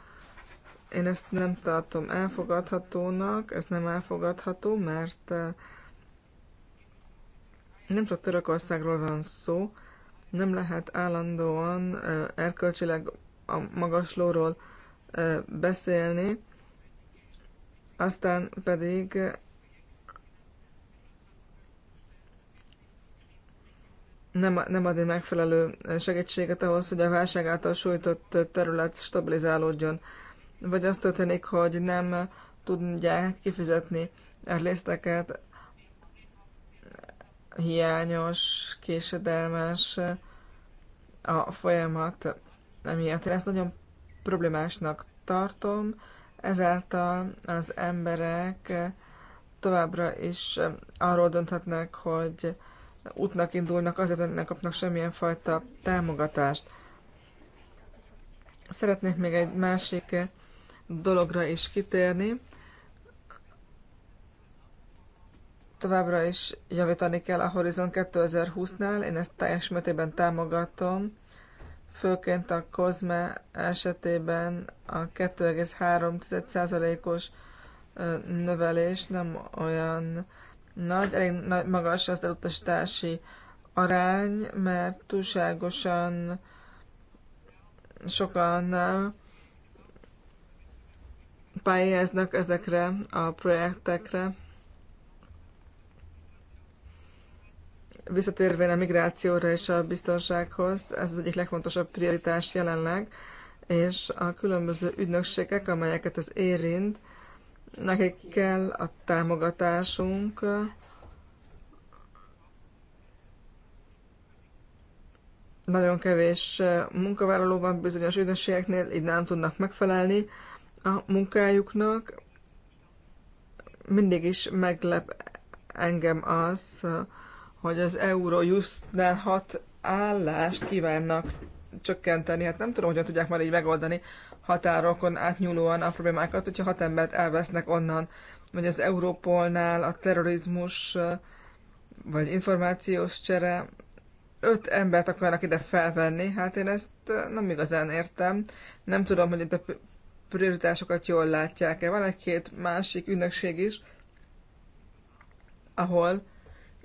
Én ezt nem tartom elfogadhatónak, ez nem elfogadható, mert eh, nem csak Törökországról van szó, nem lehet állandóan eh, erkölcsileg a magaslóról eh, beszélni, aztán pedig nem, nem adni megfelelő segítséget ahhoz, hogy a válság által sújtott terület stabilizálódjon. Vagy az történik, hogy nem tudják kifizetni a részteket, hiányos, késedelmes a folyamat emiatt. Én ezt nagyon problémásnak tartom, ezáltal az emberek továbbra is arról dönthetnek, hogy útnak indulnak, azért nem kapnak semmilyen fajta támogatást. Szeretnék még egy másik dologra is kitérni. Továbbra is javítani kell a Horizon 2020-nál, én ezt teljes mértékben támogatom, főként a COSME esetében a 2,3%-os növelés nem olyan nagy, elég nagy, magas az elutasítási arány, mert túlságosan sokan pályáznak ezekre a projektekre. Visszatérvén a migrációra és a biztonsághoz, ez az egyik legfontosabb prioritás jelenleg, és a különböző ügynökségek, amelyeket ez érint, Nekik kell a támogatásunk. Nagyon kevés munkavállaló van bizonyos ügynökségeknél, így nem tudnak megfelelni a munkájuknak. Mindig is meglep engem az, hogy az Eurojustnál hat állást kívánnak csökkenteni. Hát nem tudom, hogyan tudják már így megoldani határokon átnyúlóan a problémákat, hogyha hat embert elvesznek onnan, vagy az Európolnál a terrorizmus, vagy információs csere, öt embert akarnak ide felvenni, hát én ezt nem igazán értem. Nem tudom, hogy itt a prioritásokat jól látják-e. Van egy-két másik ünnepség is, ahol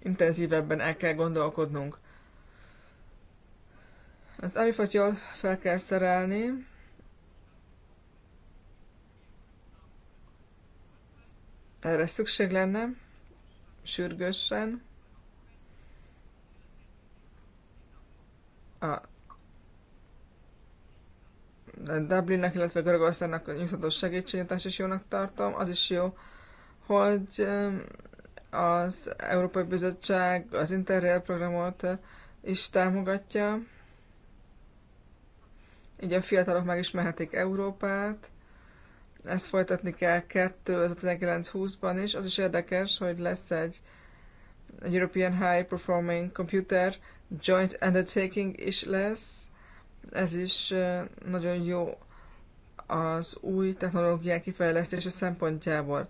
intenzívebben el kell gondolkodnunk. Az amifat jól fel kell szerelni, erre szükség lenne, sürgősen. A Dublinnek, illetve Görögországnak a nyújtható segítségnyújtás is jónak tartom. Az is jó, hogy az Európai Bizottság az Interrail programot eh, is támogatja. Így a fiatalok megismerhetik Európát, ezt folytatni kell 2019-20-ban is. Az is érdekes, hogy lesz egy European High Performing Computer Joint Undertaking is lesz. Ez is nagyon jó az új technológiák kifejlesztése szempontjából.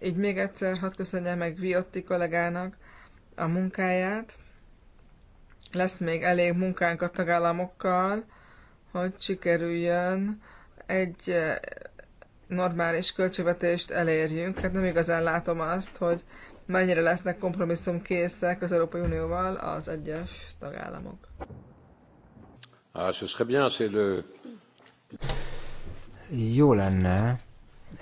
Így még egyszer hadd köszönjem meg Viotti kollégának a munkáját. Lesz még elég munkánk a tagállamokkal, hogy sikerüljön egy normális költségvetést elérjünk. Hát nem igazán látom azt, hogy mennyire lesznek kompromisszumkészek az Európai Unióval az egyes tagállamok. Ah, Jó lenne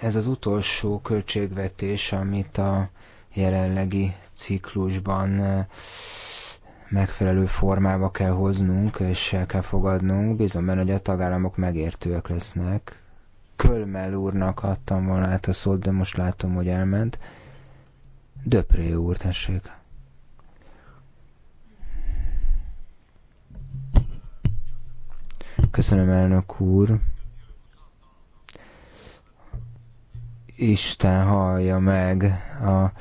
ez az utolsó költségvetés, amit a jelenlegi ciklusban eh, megfelelő formába kell hoznunk, és el kell fogadnunk. Bízom benne, hogy a tagállamok megértőek lesznek, Kölmel úrnak adtam volna át a szót, de most látom, hogy elment. Döpré úr, tessék. Köszönöm, elnök úr. Isten hallja meg a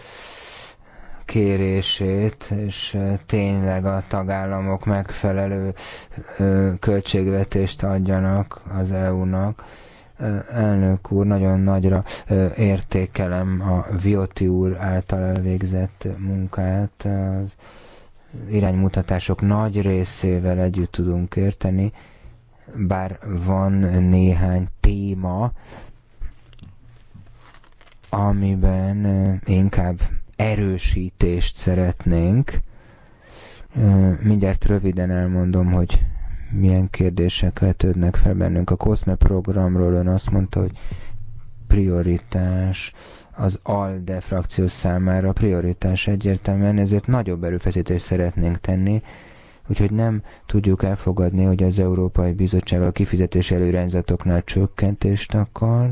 kérését, és tényleg a tagállamok megfelelő költségvetést adjanak az EU-nak elnök úr, nagyon nagyra értékelem a Vioti úr által elvégzett munkát. Az iránymutatások nagy részével együtt tudunk érteni, bár van néhány téma, amiben inkább erősítést szeretnénk. Mindjárt röviden elmondom, hogy milyen kérdések vetődnek fel bennünk. A COSME programról ön azt mondta, hogy prioritás az ALDE frakció számára prioritás egyértelműen, ezért nagyobb erőfeszítést szeretnénk tenni, úgyhogy nem tudjuk elfogadni, hogy az Európai Bizottság a kifizetés előrányzatoknál csökkentést akar,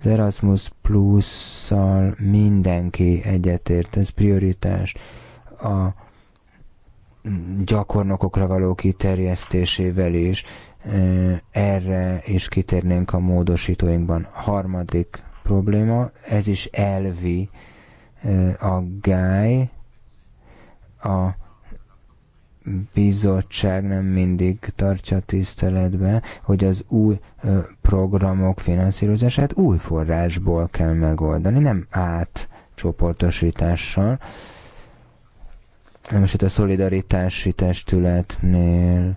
az Erasmus Plus-szal mindenki egyetért, ez prioritás. A gyakornokokra való kiterjesztésével is, erre is kitérnénk a módosítóinkban. Harmadik probléma, ez is elvi a gály, a bizottság nem mindig tartja tiszteletbe, hogy az új programok finanszírozását új forrásból kell megoldani, nem átcsoportosítással. csoportosítással itt a szolidaritási testületnél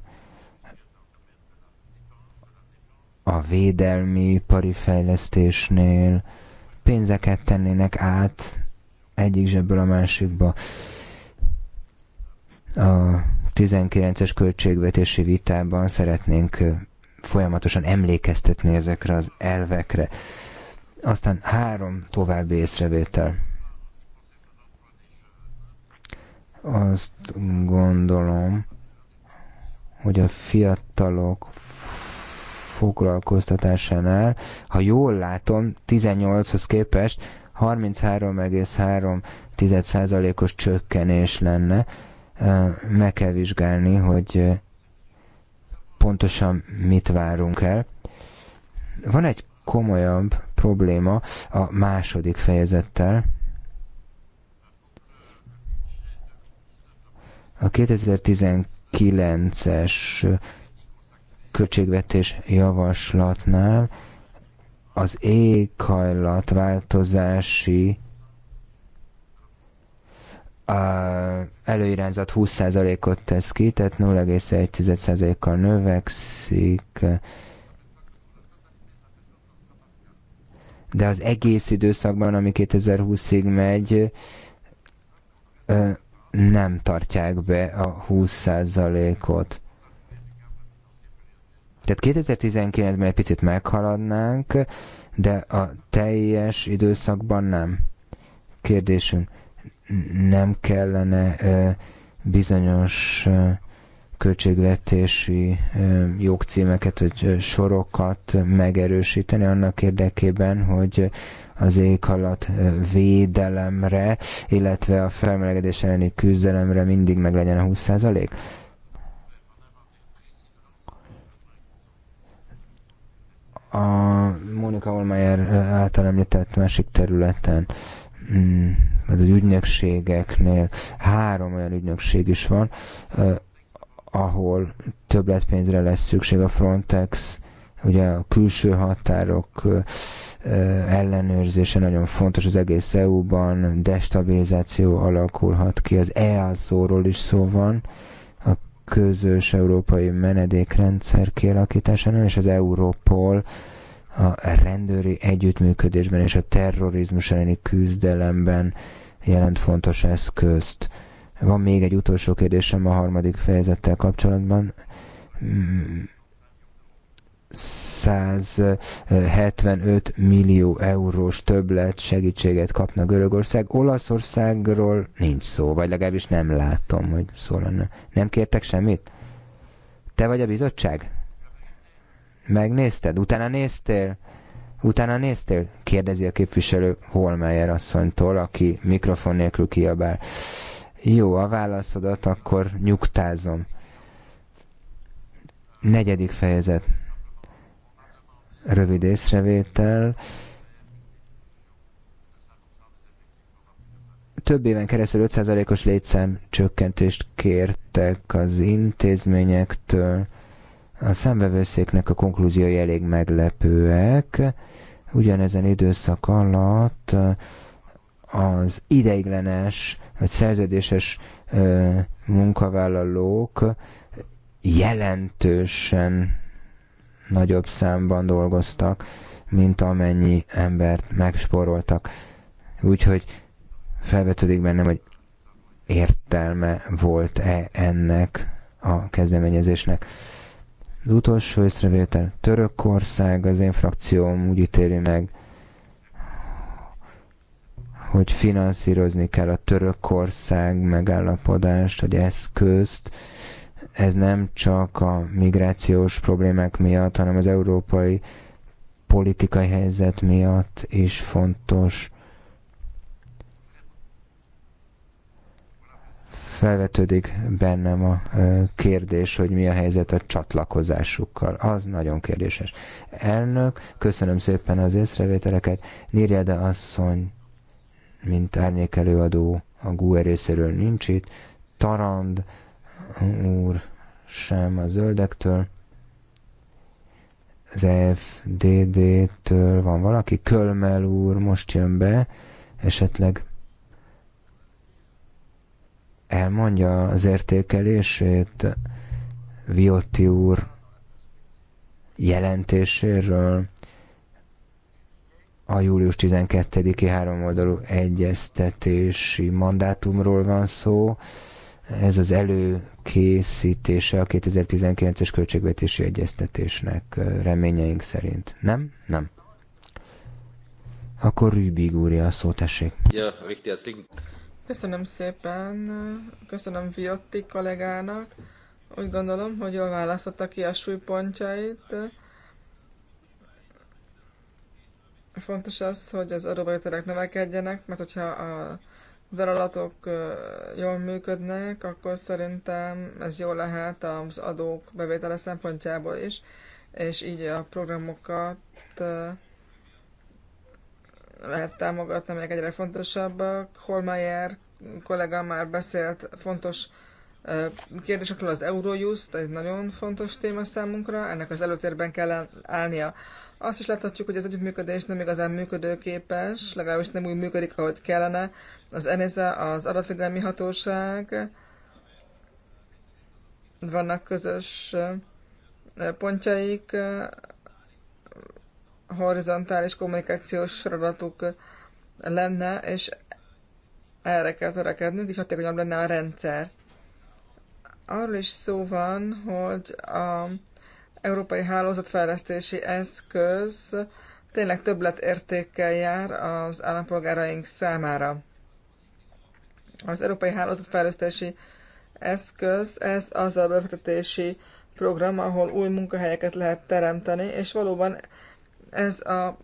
a védelmi ipari fejlesztésnél pénzeket tennének át egyik zsebből a másikba. A 19-es költségvetési vitában szeretnénk folyamatosan emlékeztetni ezekre az elvekre. Aztán három további észrevétel. Azt gondolom, hogy a fiatalok foglalkoztatásánál, ha jól látom, 18-hoz képest 33,3%-os csökkenés lenne. Meg kell vizsgálni, hogy pontosan mit várunk el. Van egy komolyabb probléma a második fejezettel, A 2019-es költségvetés javaslatnál az éghajlatváltozási előirányzat 20%-ot tesz ki, tehát 0,1%-kal növekszik, de az egész időszakban, ami 2020-ig megy, nem tartják be a 20%-ot. Tehát 2019-ben egy picit meghaladnánk, de a teljes időszakban nem. Kérdésünk, nem kellene bizonyos költségvetési jogcímeket vagy sorokat megerősíteni annak érdekében, hogy az éghalat védelemre, illetve a felmelegedés elleni küzdelemre mindig meg legyen a 20 százalék? A Mónika Olmayer által említett másik területen mm, az ügynökségeknél három olyan ügynökség is van, ahol többletpénzre lesz szükség a Frontex, ugye a külső határok ellenőrzése nagyon fontos az egész EU-ban, destabilizáció alakulhat ki, az EASZ-ról is szó van, a közös európai menedékrendszer kialakításánál, és az Europol a rendőri együttműködésben és a terrorizmus elleni küzdelemben jelent fontos eszközt van még egy utolsó kérdésem a harmadik fejezettel kapcsolatban. 175 millió eurós többlet segítséget kapna Görögország. Olaszországról nincs szó, vagy legalábbis nem látom, hogy szó lenne. Nem kértek semmit? Te vagy a bizottság? Megnézted? Utána néztél? Utána néztél? Kérdezi a képviselő Holmeyer asszonytól, aki mikrofon nélkül kiabál. Uh, jó, a válaszodat akkor nyugtázom. Negyedik fejezet. Rövid észrevétel. Több éven keresztül 5%-os létszám csökkentést kértek az intézményektől. A szembevőszéknek a konklúziói elég meglepőek. Ugyanezen időszak alatt az ideiglenes vagy szerződéses munkavállalók jelentősen nagyobb számban dolgoztak, mint amennyi embert megsporoltak. Úgyhogy felvetődik bennem, hogy értelme volt-e ennek a kezdeményezésnek. Az utolsó észrevétel Törökország, az én frakcióm úgy ítéli meg, hogy finanszírozni kell a Törökország megállapodást, vagy eszközt, ez nem csak a migrációs problémák miatt, hanem az európai politikai helyzet miatt is fontos. Felvetődik bennem a kérdés, hogy mi a helyzet a csatlakozásukkal. Az nagyon kérdéses. Elnök, köszönöm szépen az észrevételeket. Nirjede asszony mint árnyék előadó a GUE részéről nincs itt, Tarand úr sem a zöldektől, az FDD-től van valaki, Kölmel úr most jön be, esetleg elmondja az értékelését Viotti úr jelentéséről, a július 12-i háromoldalú egyeztetési mandátumról van szó. Ez az előkészítése a 2019-es költségvetési egyeztetésnek reményeink szerint. Nem? Nem. Akkor Rübig úrja a szó, tessék. Ja, Köszönöm szépen, köszönöm Viotti kollégának. Úgy gondolom, hogy jól választotta ki a súlypontjait Fontos az, hogy az adóbevételek növekedjenek, mert hogyha a vállalatok jól működnek, akkor szerintem ez jó lehet az adók bevétele szempontjából is, és így a programokat lehet támogatni, amelyek egyre fontosabbak. Holmeyer kollega már beszélt fontos kérdésekről az Eurojust, egy nagyon fontos téma számunkra, ennek az előtérben kell állnia azt is láthatjuk, hogy az együttműködés nem igazán működőképes, legalábbis nem úgy működik, ahogy kellene. Az ENISA, az adatvédelmi hatóság, vannak közös pontjaik, horizontális kommunikációs feladatuk lenne, és erre kell törekednünk, így hatékonyabb lenne a rendszer. Arról is szó van, hogy a európai hálózatfejlesztési eszköz tényleg többletértékkel jár az állampolgáraink számára. Az európai hálózatfejlesztési eszköz, ez az a befektetési program, ahol új munkahelyeket lehet teremteni, és valóban ez a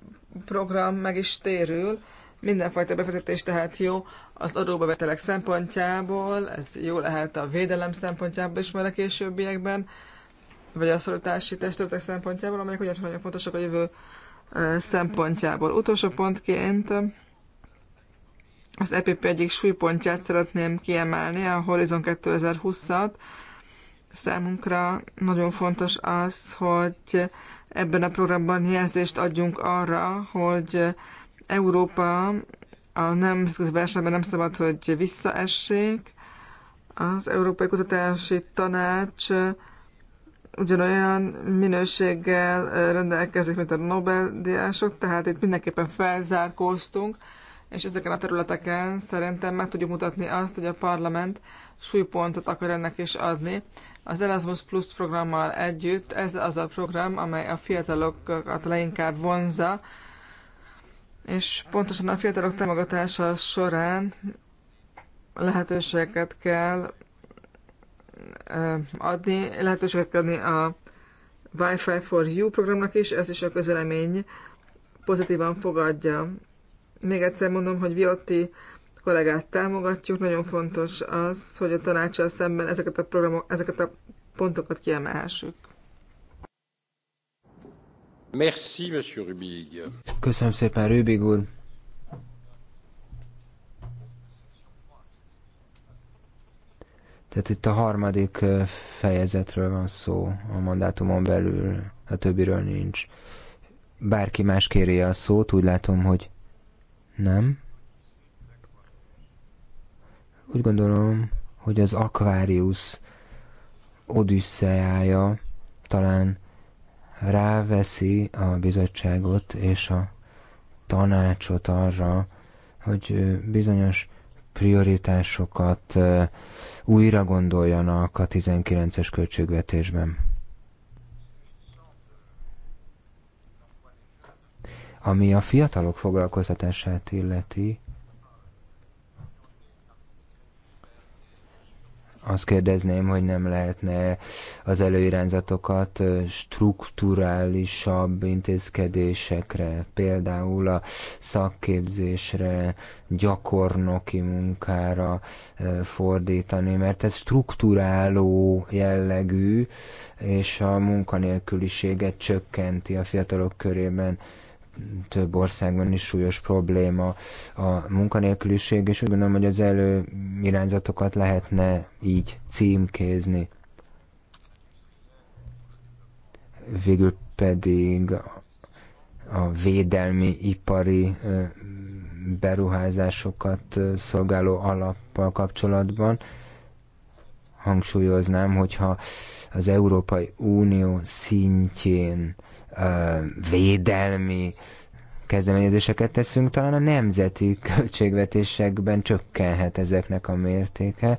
program meg is térül, mindenfajta befektetés tehát jó az adóbevetelek szempontjából, ez jó lehet a védelem szempontjából is, mert a későbbiekben vagy a szorítási testületek szempontjából, amelyek ugyanis nagyon fontosak a jövő szempontjából. Utolsó pontként az EPP egyik súlypontját szeretném kiemelni, a Horizon 2020-at. Számunkra nagyon fontos az, hogy ebben a programban jelzést adjunk arra, hogy Európa a nemzetközi versenyben nem szabad, hogy visszaessék. Az Európai Kutatási Tanács ugyanolyan minőséggel rendelkezik, mint a Nobel-diások, tehát itt mindenképpen felzárkóztunk, és ezeken a területeken szerintem meg tudjuk mutatni azt, hogy a parlament súlypontot akar ennek is adni. Az Erasmus Plus programmal együtt ez az a program, amely a fiatalokat leginkább vonza, és pontosan a fiatalok támogatása során lehetőséget kell adni, lehetőséget kell adni a Wi-Fi for You programnak is, ez is a közelemény pozitívan fogadja. Még egyszer mondom, hogy Viotti kollégát támogatjuk, nagyon fontos az, hogy a tanácsal szemben ezeket a, programok, ezeket a pontokat kiemelhessük. Merci, Monsieur Rubig. Köszönöm szépen, Rubig úr. Tehát itt a harmadik fejezetről van szó a mandátumon belül, a többiről nincs. Bárki más kéri a szót, úgy látom, hogy nem. Úgy gondolom, hogy az Aquarius odüsszeája talán ráveszi a bizottságot és a tanácsot arra, hogy bizonyos prioritásokat újra gondoljanak a 19-es költségvetésben. Ami a fiatalok foglalkoztatását illeti, azt kérdezném, hogy nem lehetne az előirányzatokat strukturálisabb intézkedésekre, például a szakképzésre, gyakornoki munkára fordítani, mert ez strukturáló jellegű, és a munkanélküliséget csökkenti a fiatalok körében több országban is súlyos probléma a munkanélküliség, és úgy gondolom, hogy az irányzatokat lehetne így címkézni. Végül pedig a védelmi, ipari beruházásokat szolgáló alappal kapcsolatban hangsúlyoznám, hogyha az Európai Unió szintjén védelmi kezdeményezéseket teszünk, talán a nemzeti költségvetésekben csökkenhet ezeknek a mértéke,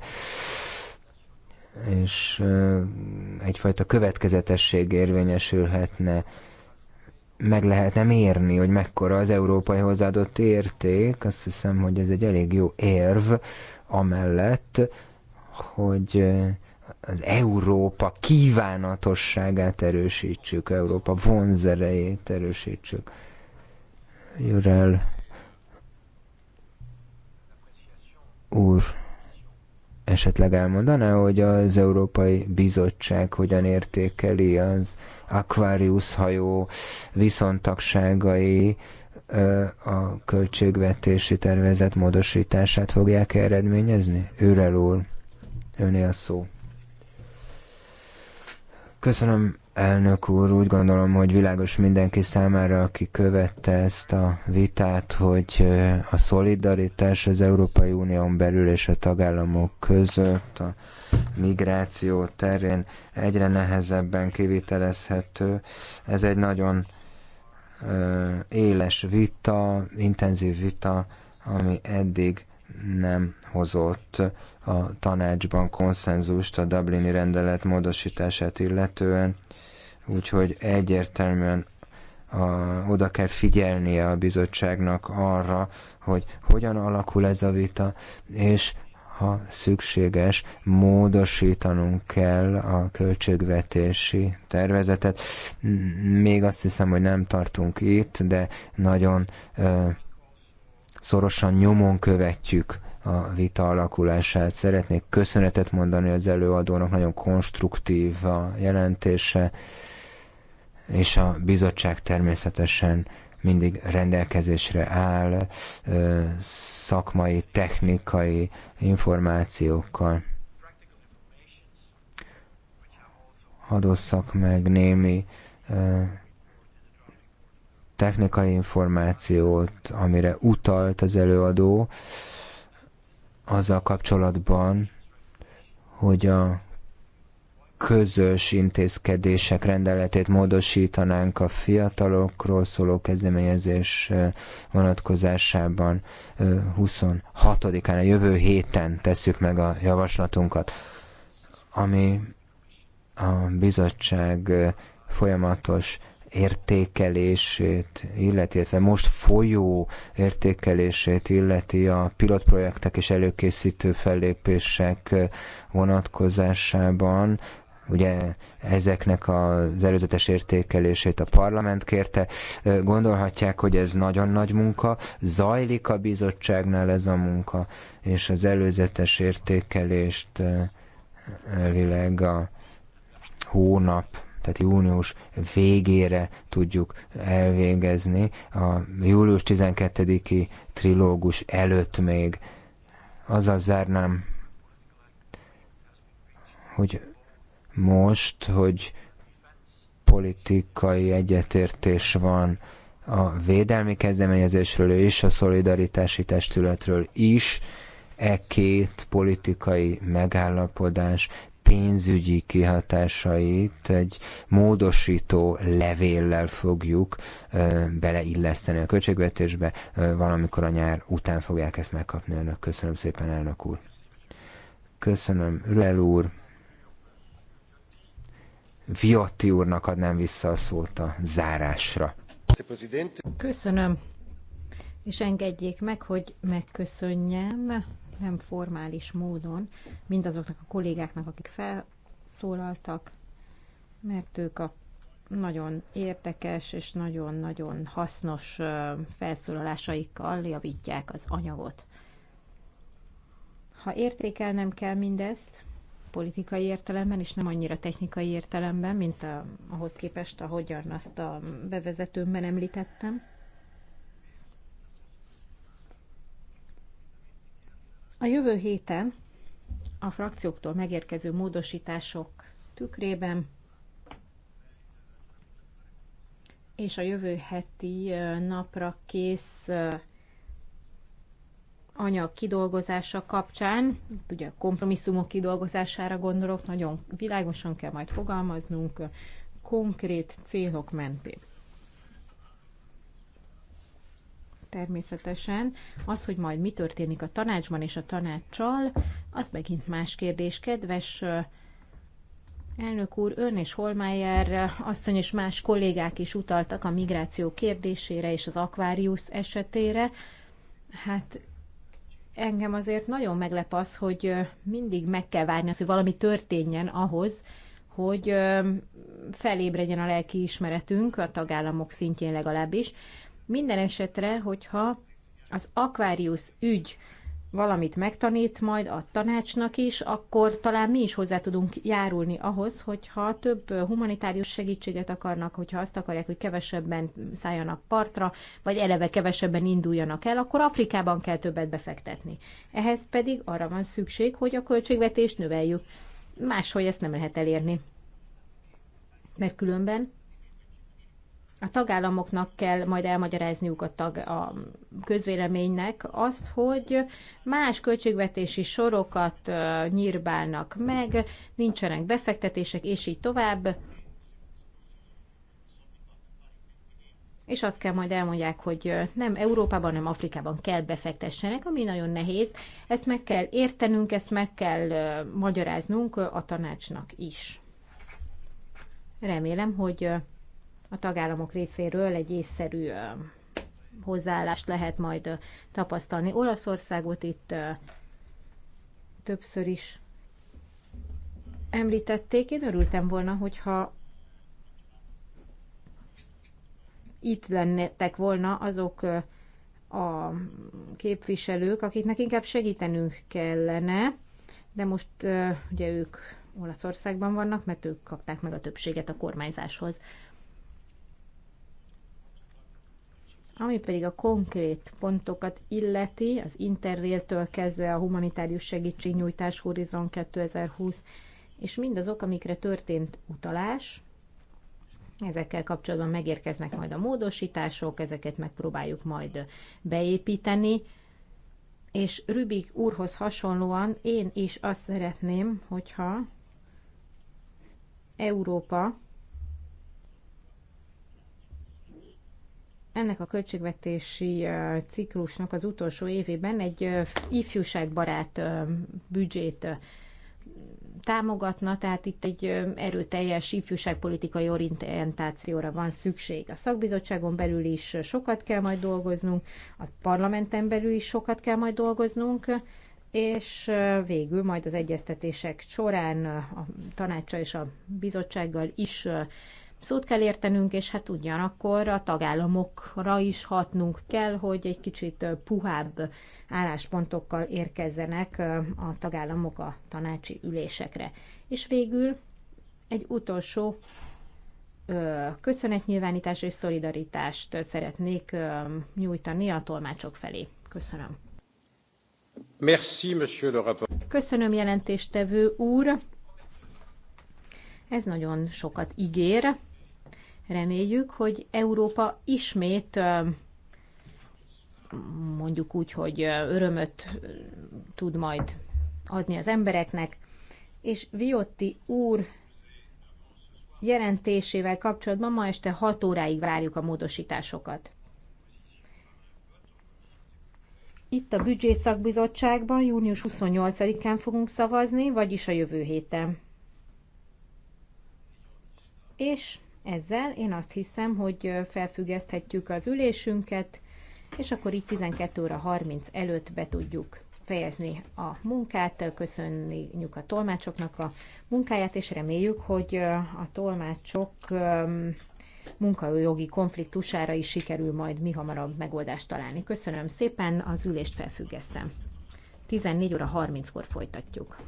és egyfajta következetesség érvényesülhetne meg lehetne mérni, hogy mekkora az európai hozzáadott érték, azt hiszem, hogy ez egy elég jó érv amellett, hogy az Európa kívánatosságát erősítsük, Európa vonzerejét erősítsük. Jurel úr esetleg elmondaná, hogy az Európai Bizottság hogyan értékeli az Aquarius hajó viszontagságai a költségvetési tervezet módosítását fogják eredményezni? Őrel úr, öné a szó. Köszönöm, elnök úr. Úgy gondolom, hogy világos mindenki számára, aki követte ezt a vitát, hogy a szolidaritás az Európai Unión belül és a tagállamok között a migráció terén egyre nehezebben kivitelezhető. Ez egy nagyon éles vita, intenzív vita, ami eddig nem hozott a tanácsban konszenzust a Dublini rendelet módosítását illetően, úgyhogy egyértelműen a, oda kell figyelnie a bizottságnak arra, hogy hogyan alakul ez a vita, és ha szükséges, módosítanunk kell a költségvetési tervezetet. Még azt hiszem, hogy nem tartunk itt, de nagyon ö, szorosan nyomon követjük a vita alakulását. Szeretnék köszönetet mondani az előadónak, nagyon konstruktív a jelentése, és a bizottság természetesen mindig rendelkezésre áll szakmai, technikai információkkal. Hadosszak meg némi technikai információt, amire utalt az előadó, azzal kapcsolatban, hogy a közös intézkedések rendeletét módosítanánk a fiatalokról szóló kezdeményezés vonatkozásában 26-án, a jövő héten tesszük meg a javaslatunkat, ami a bizottság folyamatos értékelését illeti, illetve most folyó értékelését illeti a pilotprojektek és előkészítő fellépések vonatkozásában, ugye ezeknek az előzetes értékelését a parlament kérte. Gondolhatják, hogy ez nagyon nagy munka, zajlik a bizottságnál ez a munka, és az előzetes értékelést eh, elvileg a hónap tehát június végére tudjuk elvégezni, a július 12-i trilógus előtt még. Azzal zárnám, hogy most, hogy politikai egyetértés van a védelmi kezdeményezésről és a szolidaritási testületről is, e két politikai megállapodás pénzügyi kihatásait egy módosító levéllel fogjuk beleilleszteni a költségvetésbe, valamikor a nyár után fogják ezt megkapni önök. Köszönöm szépen, elnök úr. Köszönöm, Rüel úr. Viotti úrnak adnám vissza a szót a zárásra. Köszönöm, és engedjék meg, hogy megköszönjem nem formális módon mindazoknak a kollégáknak, akik felszólaltak, mert ők a nagyon értekes és nagyon-nagyon hasznos felszólalásaikkal javítják az anyagot. Ha értékelnem kell mindezt, politikai értelemben, és nem annyira technikai értelemben, mint a, ahhoz képest, ahogyan azt a bevezetőmben említettem, A jövő héten a frakcióktól megérkező módosítások tükrében és a jövő heti napra kész anyag kidolgozása kapcsán, ugye a kompromisszumok kidolgozására gondolok, nagyon világosan kell majd fogalmaznunk konkrét célok mentén. természetesen. Az, hogy majd mi történik a tanácsban és a tanácssal, az megint más kérdés. Kedves elnök úr, ön és Holmeyer asszony és más kollégák is utaltak a migráció kérdésére és az akvárius esetére. Hát engem azért nagyon meglep az, hogy mindig meg kell várni az, hogy valami történjen ahhoz, hogy felébredjen a lelki ismeretünk, a tagállamok szintjén legalábbis, minden esetre, hogyha az Aquarius ügy valamit megtanít majd a tanácsnak is, akkor talán mi is hozzá tudunk járulni ahhoz, hogyha több humanitárius segítséget akarnak, hogyha azt akarják, hogy kevesebben szálljanak partra, vagy eleve kevesebben induljanak el, akkor Afrikában kell többet befektetni. Ehhez pedig arra van szükség, hogy a költségvetést növeljük. Máshogy ezt nem lehet elérni. Mert különben a tagállamoknak kell majd elmagyarázniuk a, tag, a közvéleménynek azt, hogy más költségvetési sorokat nyírbálnak meg, nincsenek befektetések, és így tovább. És azt kell majd elmondják, hogy nem Európában, nem Afrikában kell befektessenek, ami nagyon nehéz. Ezt meg kell értenünk, ezt meg kell magyaráznunk a tanácsnak is. Remélem, hogy a tagállamok részéről egy észszerű hozzáállást lehet majd tapasztalni. Olaszországot itt többször is említették. Én örültem volna, hogyha itt lennétek volna azok a képviselők, akiknek inkább segítenünk kellene, de most ugye ők Olaszországban vannak, mert ők kapták meg a többséget a kormányzáshoz. Ami pedig a konkrét pontokat illeti, az Interrail-től kezdve a humanitárius segítségnyújtás Horizon 2020, és mindazok, amikre történt utalás, ezekkel kapcsolatban megérkeznek majd a módosítások, ezeket megpróbáljuk majd beépíteni, és Rübik úrhoz hasonlóan én is azt szeretném, hogyha Európa ennek a költségvetési ciklusnak az utolsó évében egy ifjúságbarát büdzsét támogatna, tehát itt egy erőteljes ifjúságpolitikai orientációra van szükség. A szakbizottságon belül is sokat kell majd dolgoznunk, a parlamenten belül is sokat kell majd dolgoznunk, és végül majd az egyeztetések során a tanácsa és a bizottsággal is szót kell értenünk, és hát ugyanakkor a tagállamokra is hatnunk kell, hogy egy kicsit puhább álláspontokkal érkezzenek a tagállamok a tanácsi ülésekre. És végül egy utolsó köszönetnyilvánítás és szolidaritást szeretnék nyújtani a tolmácsok felé. Köszönöm. Merci, monsieur le rapport. Köszönöm, jelentéstevő úr. Ez nagyon sokat ígér. Reméljük, hogy Európa ismét mondjuk úgy, hogy örömöt tud majd adni az embereknek, és Viotti úr jelentésével kapcsolatban ma este 6 óráig várjuk a módosításokat. Itt a Büdzsészakbizottságban június 28-án fogunk szavazni, vagyis a jövő héten. És ezzel. Én azt hiszem, hogy felfüggeszthetjük az ülésünket, és akkor így 12 óra 30 előtt be tudjuk fejezni a munkát, köszönjük a tolmácsoknak a munkáját, és reméljük, hogy a tolmácsok munkajogi konfliktusára is sikerül majd mi hamarabb megoldást találni. Köszönöm szépen, az ülést felfüggesztem. 14 óra 30-kor folytatjuk.